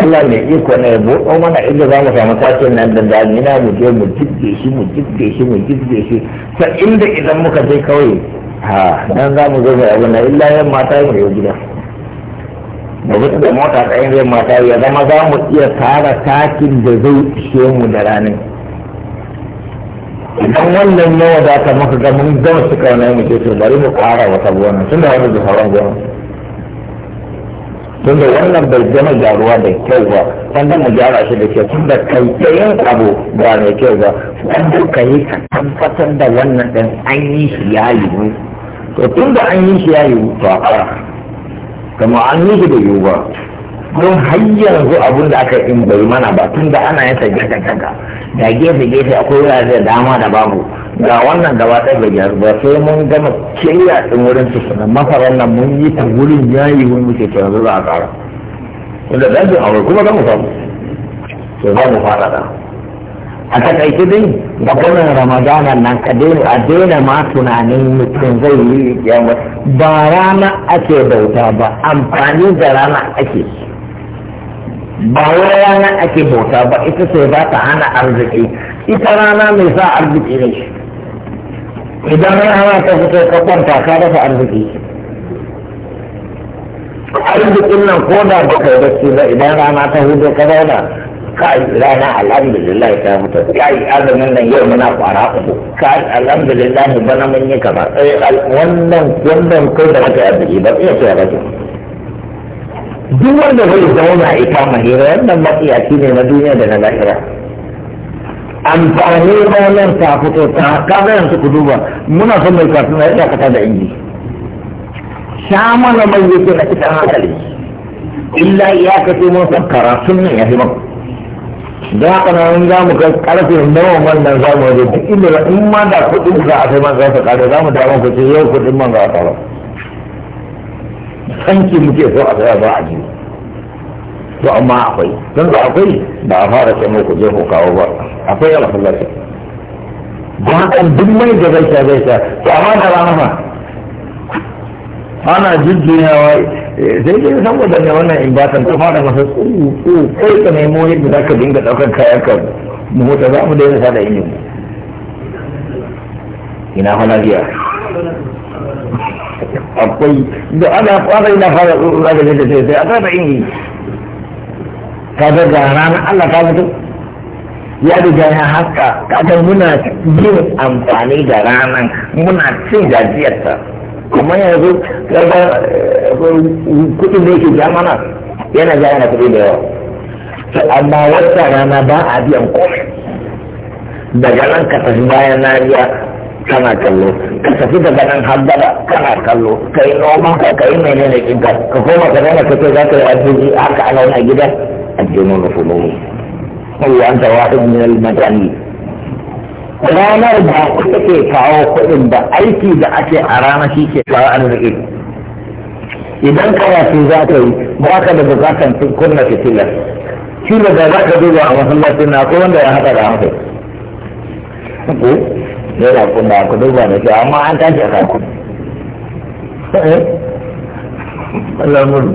S1: Allah mai iko ne buɗo mana inda za mu samu tashin nan da na mu je mu jibge shi mu jibge shi mu jibge shi ta inda idan muka je kawai ha dan za mu zo mai abu na illa yan mata mu yau gida da wuce da mota ta zai mata ya zama za mu iya tara takin da zai ishe mu da ranar idan wannan ya wadata muka ga mun gama suka wani mu ce to bari mu ƙara wata gona tunda wani da sauran gona tunda wannan bai gama gyaruwa da kyau ba wanda mu gyara shi da kyau tunda kai tsayin abu ba mai kyau ba wanda ka yi ka tabbatar da wannan ɗin an yi shi ya yiwu to tunda an yi shi ya yi to a kama an yi shi da yiwu ba don har yanzu abun da aka in bai mana ba tun da ana yin sajjata kanka da gefe gefe akwai wurare da dama da babu ga wannan gaba ɗaya bai ba sai mun gama kiriya din wurin suna mafarar nan mun yi ta wurin yayi wani muke ta yanzu za a ƙara wanda ɗan aure kuma za mu samu to za mu fara da a takaice dai maganar ramadana nan ka daina a daina ma tunanin mutum zai yi kiyama ba rana ake bauta ba amfani da rana ake ba wai rana ake bauta ba ita ce za ta hana arziki ita rana mai sa arziki ne idan rana ta fito ka kwanta ka dafa arziki arzikin nan ko da ba kai bacci ba idan rana ta hudu ka zauna kai rana alhamdulillah ta fito kai azumin nan yau muna kwara uku kai alhamdulillah bana mun yi kaza eh, wannan wannan kai da kake arziki ba iya ce ba duk wanda zai zauna ya ita hira wannan matsiyaci ne na duniya da na lahira amfani ranar ta fito ta kaga yanzu ku duba muna son mai kafin na yadda kata da inji sha mana mai yake na ita hankali illa iya ka ce mun san karatun nan ya fi man da haka na za mu kai karfe nawa wannan zamu waje duk inda in ma da kuɗin za a kai man za su kare za mu dawo ku ce yau kuɗin man za a kare sanki muke so a tsaya ba a ji to amma akwai don da akwai ba a fara ce mai kuje ko kawo ba akwai yana fallafi Ba hakan duk mai da zai sha zai sha to amma da ma ana jujjuyawa eh, sai dai saboda ne wannan in ba san ta da masa tsuru ku. kai ka nemo yadda za ka dinga daukar kayan ka mu huta za mu daina sada da mu ina hana lafiya akwai da ana fara ina fara tsuru da ka dinga sai a sada injin ka ga ranar Allah ta fito ya riga ya haska kaga muna yin amfani da ranar muna cin gajiyarta kuma yanzu ga eh, kudin da yake jamana yana ja yana kudi da yawa amma wata rana ba a biyan komai daga nan ka tafi bayan na biya kana kallo ka tafi daga nan haddara kana kallo ka yi noma ka yi menene ɗinka ka koma ka zama ka ce za ka yi arziki haka ana wani a gidan الجنون فلوه هو أنت واحد من المجانين ranar ba kuka kawo kuɗin da aiki da ake a rana shi ke kawo arziki idan karatu za ka yi ba ka da bukatan kunna fitila shi ba za ka duba a masallacin na ko wanda ya haɗa da yana kunna ku duba da shi amma an tashi a kan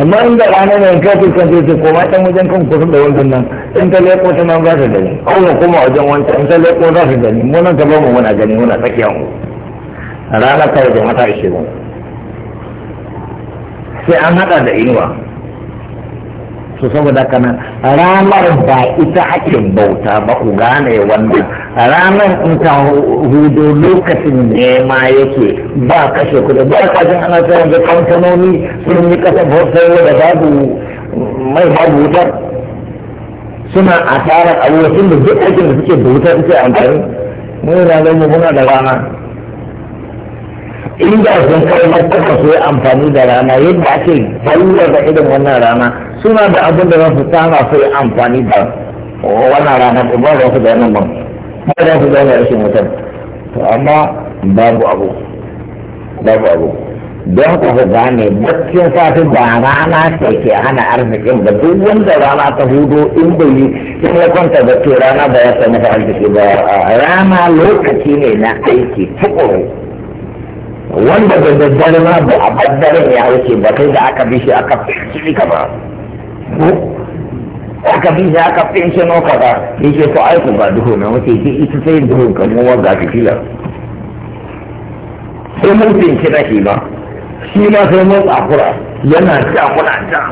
S1: amma inda rana ne ka fi kan sai koma dan wajen kan kusa da wancan nan in ta leko ta nan za ta gani ko koma wajen wancan in ta leko za ta gani mu nan gaba mu muna gani muna tsakiyar mu rana kawai da mata ishirin sai an hada da inuwa to saboda kana ranar ba ita ake bauta ba ku gane wannan ranar in ta hudu lokacin nema yake ba kashe kudi ba kajin ana ta yanzu kamfanoni sun yi kasa bautar da babu mai babu wutar suna asarar abubuwa sun da duk aikin da suke da wutar suke amfani mun na zama muna da rana inda sun kai taka su yi amfani da rana yadda ake bayyana irin wannan rana suna da abin da za su tana su yi amfani da wannan rana ba za su da nan ban ba za su da rashin wutar to amma babu abu babu abu don haka ku gane baccin safi ba rana ce ke hana arzikin ba duk wanda rana ta hudo in bai yi in ya kwanta ke rana ba ya sami arziki ba rana lokaci ne na aiki tukuru wanda da daddare ma ba a ne a wuce ba kai da aka bi shi aka fi ka ba aka bi shi aka fi shi no ka ba ni ce to ai ba duhu na wuce ke ita sai duhu ka mu ga fila sai mun fi shi na shi ba shi ma sai mun tsakura yana tsakura ta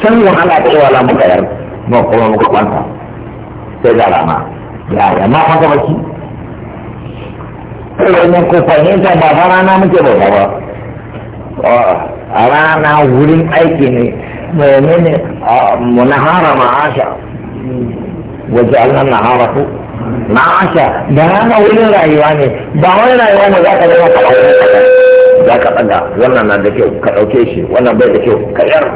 S1: san wahala ta wala muka yar ba kuma muka kwanta sai da rama ya ya ma haka shi. ne ku fahimta ba fa rana muke bauta ba a rana wurin aiki ne menene munahara ma'asha wajen na hara ku ma'asha da rana wurin rayuwa ne ba wani rayuwa ne za ka zama kamar za ka ɗaga wannan na da kyau ka ɗauke shi wannan bai da kyau ka yar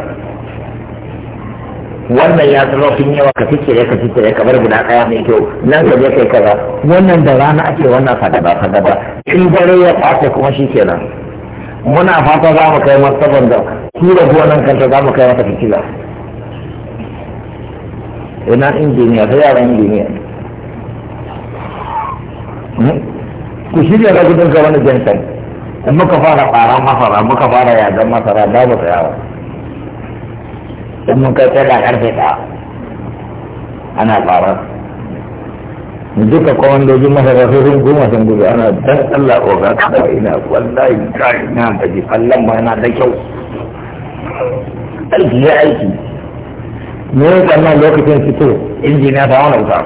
S1: wannan ya zama sun yi ka fice ka fice ka bar guda ɗaya mai kyau nan ka je kai kaza wannan da rana ake wannan fadaba fadaba in dare ya fata kuma shi kenan muna fata za mu kai martaban da su da nan kanta za mu kai mata fitila ina injiniya sai yaran injiniya hmm? ku shirya da gudun ka wani jinsan muka fara ƙwaron masara muka fara yadon masara mu tsayawa in mun kai sai da karfe ɗaya ana tsara duka masa masarautu sun kuma sun gudu ana dan Allah oga kada ina wallahi ka na da ji kallon ma yana da kyau aiki ya aiki ne ya lokacin fito injiniya ta wani wuta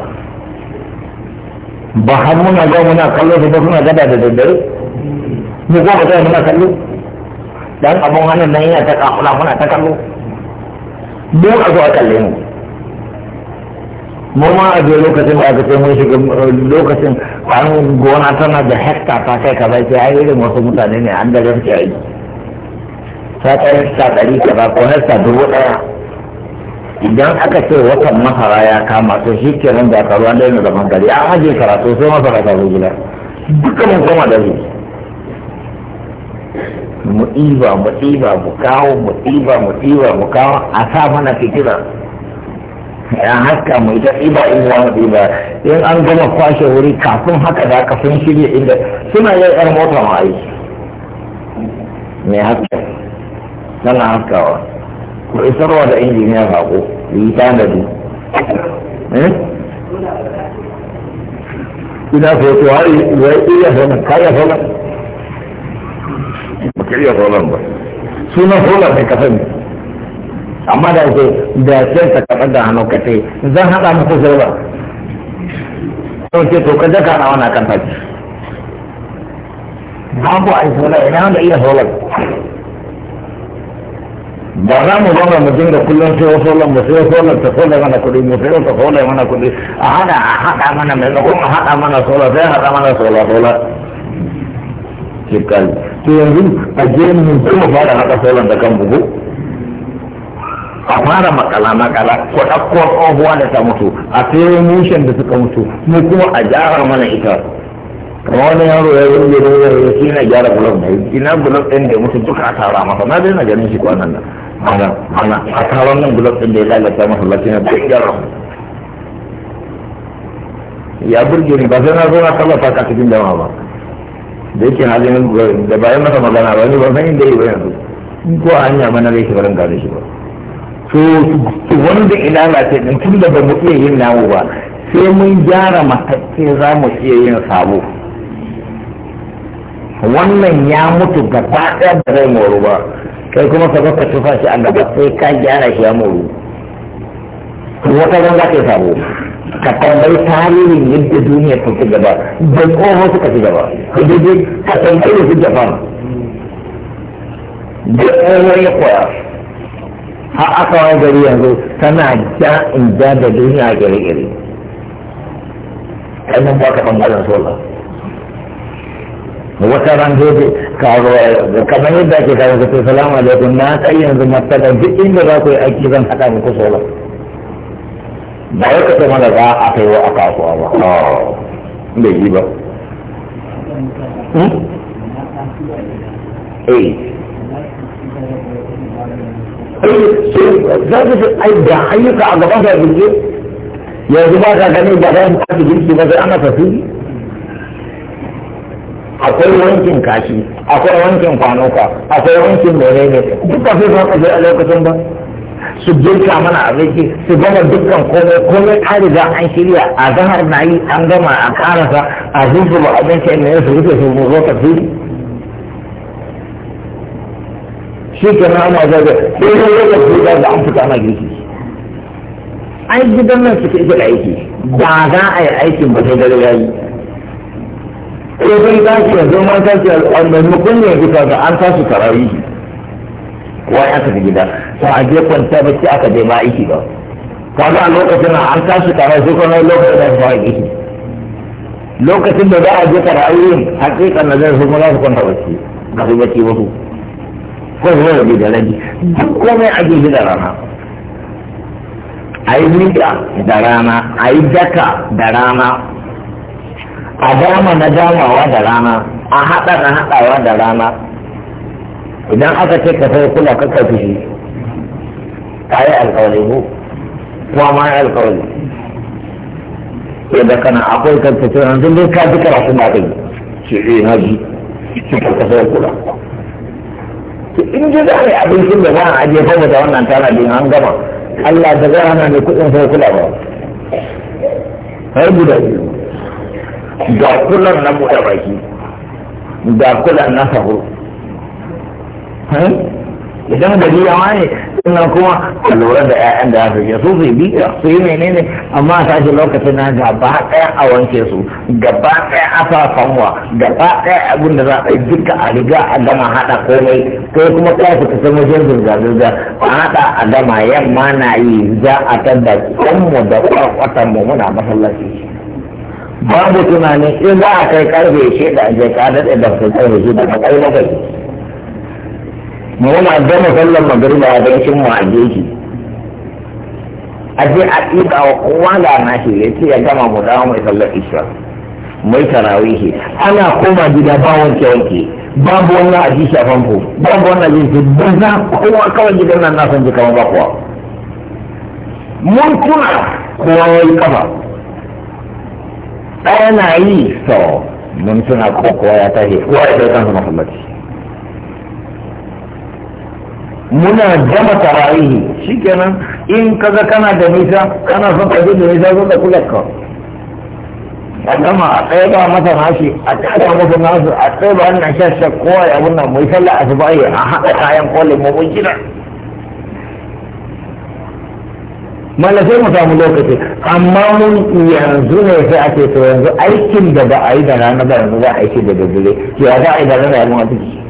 S1: ba har muna ga muna kallo su ba suna gada da daddare mu goma sai muna kallo dan abun hannun nan yana ta kafula muna ta kallo don a a kalle mu mu ma a zo lokacin da aka ce mun shiga eh, lokacin an gona tana da hekta ta kai kaza ce ai irin wasu mutane ne an da gaske ai ta kai hekta ɗari kaza ko hekta dubu ɗaya idan aka ce watan masara ya kama to shi ke nan da aka ruwan daina zaman gari an ajiye karatu sai masara ta zo gida dukkanin koma da shi mu ɗiba mu ɗiba mu kawo mu ɗiba mu ɗiba mu kawo a sa mana fitila ya haka mu ita ɗiba in za mu ɗiba in an gama kwashe wuri kafin haka da aka sun shirya inda suna yin yar mota ma yi mai haka tana haskawa ku isarwa da injiniya bako yi tanadi eh? ina so to har iya sanar kaya zama baka iya rolan ba sunan rolan ne ka sani amma da ke da sai ka kaɗa da hannu ka ce zan haɗa muku zirba ce to ka jaka na wani kan taji babu a yi rolan ina wanda iya rolan ba za mu zama mu dinga kullum sai wasu wannan ba sai wasu wannan ta sola mana kuɗi mu sai wasu ya mana kuɗi a hada a hada mana maimakon a hada mana sola sai a hada mana sola sola cikal to yanzu a je mu kuma fara haɗa da kan bugu a fara makala makala da ta mutu a sayo mushen da suka mutu mu kuma a gyara mana ita kamar wani yaro ya ya na gyara na yi ɗin da mutu duka a tara masa na daina ganin shi kwanan nan ana ana a taron nan ɗin da ya lalata masa gyara ya burge ni ba sai na zo na tallafa ka cikin dama ba da yake halin da bayan masa magana ba ne ba san inda yi ba yanzu in ko hanya mana zai shi barin shi ba to wanda ina ce din tun da ba mu iya yin namu ba sai mun gyara matacce za mu iya yin sabo wannan ya mutu gaba ɗaya da zai moru ba kai kuma ka zaka tufa shi a gaba sai ka gyara shi ya moru wata zan za ka yi sabo ka tambayi tarihin yadda duniya ta ci gaba da tsoho suka ci gaba ka daidai ka tambayi su japan da tsoho ya koya har aka wani gari yanzu tana ja in ja da duniya gari-gari kanan ba ka bangaren sola wata ran dole kamar yadda ake kawo ka ce salamu alaikum na kai yanzu matsala duk inda za ku yi aiki zan haɗa muku sola ba ya kasa mana za a kai wa aka kasuwa ba da oh. yi ba
S3: hmm? eh. Eh,
S1: za su fi da ayyuka a gaban da bincike yanzu ba ka gani ba zai mu kasu girki ba zai ana tafi akwai wankin kashi akwai wankin kwanuka akwai wankin ne duka sai ba ka je a lokacin ba su girka mana abinci su gama dukkan komai komai an riga an shirya a zahar na yi an gama a karasa a zuzuba abinci ne su rufe su mu zo tafsiri shi ke na ana zaga sai zai rage su da an fita na girki ai gidan nan su ke da aiki ba za a yi aikin ba sai dare yayi sai za su yanzu ma za su yanzu a maimakon ne bisa an tashi tarawihi wai aka fi gida to a je kwanta bacci aka je ba aiki ba ka ga lokacin an tashi tare sai kuma lokacin da ba aiki lokacin da za a je tare ayyukan hakikan da zai su kuma za su kwanta bacci ga su bacci wasu ko da zai da rabi duk komai a je da rana a yi miƙa da rana a yi daka da rana
S2: a dama na damawa
S1: da rana a haɗa na haɗawa da rana idan aka ce ka sai kula ka kafi shi ka yi alkawari ko kuma ma yi alkawari yadda kana akwai kanta cewa yanzu dai ka ji karatu da aka yi shi eh na ji shi ka sai kula to in ji za a yi abincin da za a ajiye fa da wannan tana din an gama Allah da za hana ne kuɗin sai kula ba har guda biyu ga kulan na buɗe baki da kulan na sahur Eh? idan gari ya ne ina kuma a lura da 'ya'yan da aka yi su su bi su yi menene amma a tashi lokacin na gaba ɗaya a wanke su gaba ɗaya a sa fanwa gaba ɗaya abin da za a yi duka a riga a gama haɗa komai kai kuma kai ta san wajen zirga-zirga a haɗa a gama yamma na yi za a tadda kanmu da kwakwatan mu muna masallaci babu tunanin in za a kai karfe shida a je ka daɗe da su karfe shida a kai muna gama sallan magariba a shi mu a gefe a a tsika wa kowa da na shi ya ce ya gama mu dawo mai sallar isha mai tarawihi ana koma gida ba wanke wanke babu wannan a jishi a famfo babu wannan a jishi ba za kowa kawai gidan nan na san ji kamar ba kowa mun kuna kowa ya kafa ɗaya na yi sau mun suna kowa ya tashi kowa ya kai kansa masallaci muna gama tarayihi shikenan in kaga kana da nisa kana son ka da nisa zo da kula ka a gama a tsaye ba masa nashi a tsaye masa nasu a tsaye ba wannan shashe kowa ya wannan mai sallah asuba ya a haɗa kayan kolin mu mun gida malla sai mu samu lokaci amma mun yanzu ne sai ake to yanzu aikin da ba a yi da rana ba yanzu za a yi da daddare ya za a yi da rana ya mun a ciki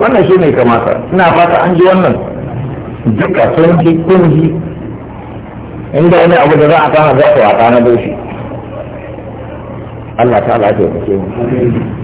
S1: wannan shi ne kamata ina fata an ji wannan duka sun ji kun inda wani abu da za a kama za su a kana doshi Allah ta ala ce mu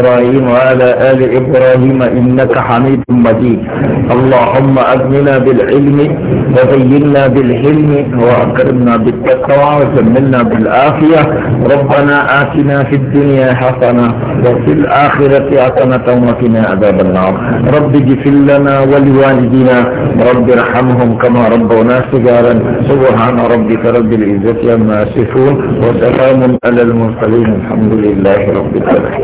S1: إبراهيم وعلى آل إبراهيم إنك حميد مجيد اللهم أغننا بالعلم وزينا بالحلم وأكرمنا بالتقوى وجملنا بالآخية ربنا آتنا في الدنيا حسنة وفي الآخرة حسنة وقنا عذاب النار رب اغفر لنا ولوالدينا رب ارحمهم كما ربونا صغارا سبحان ربك رب العزة عما يصفون وسلام على المرسلين الحمد لله رب العالمين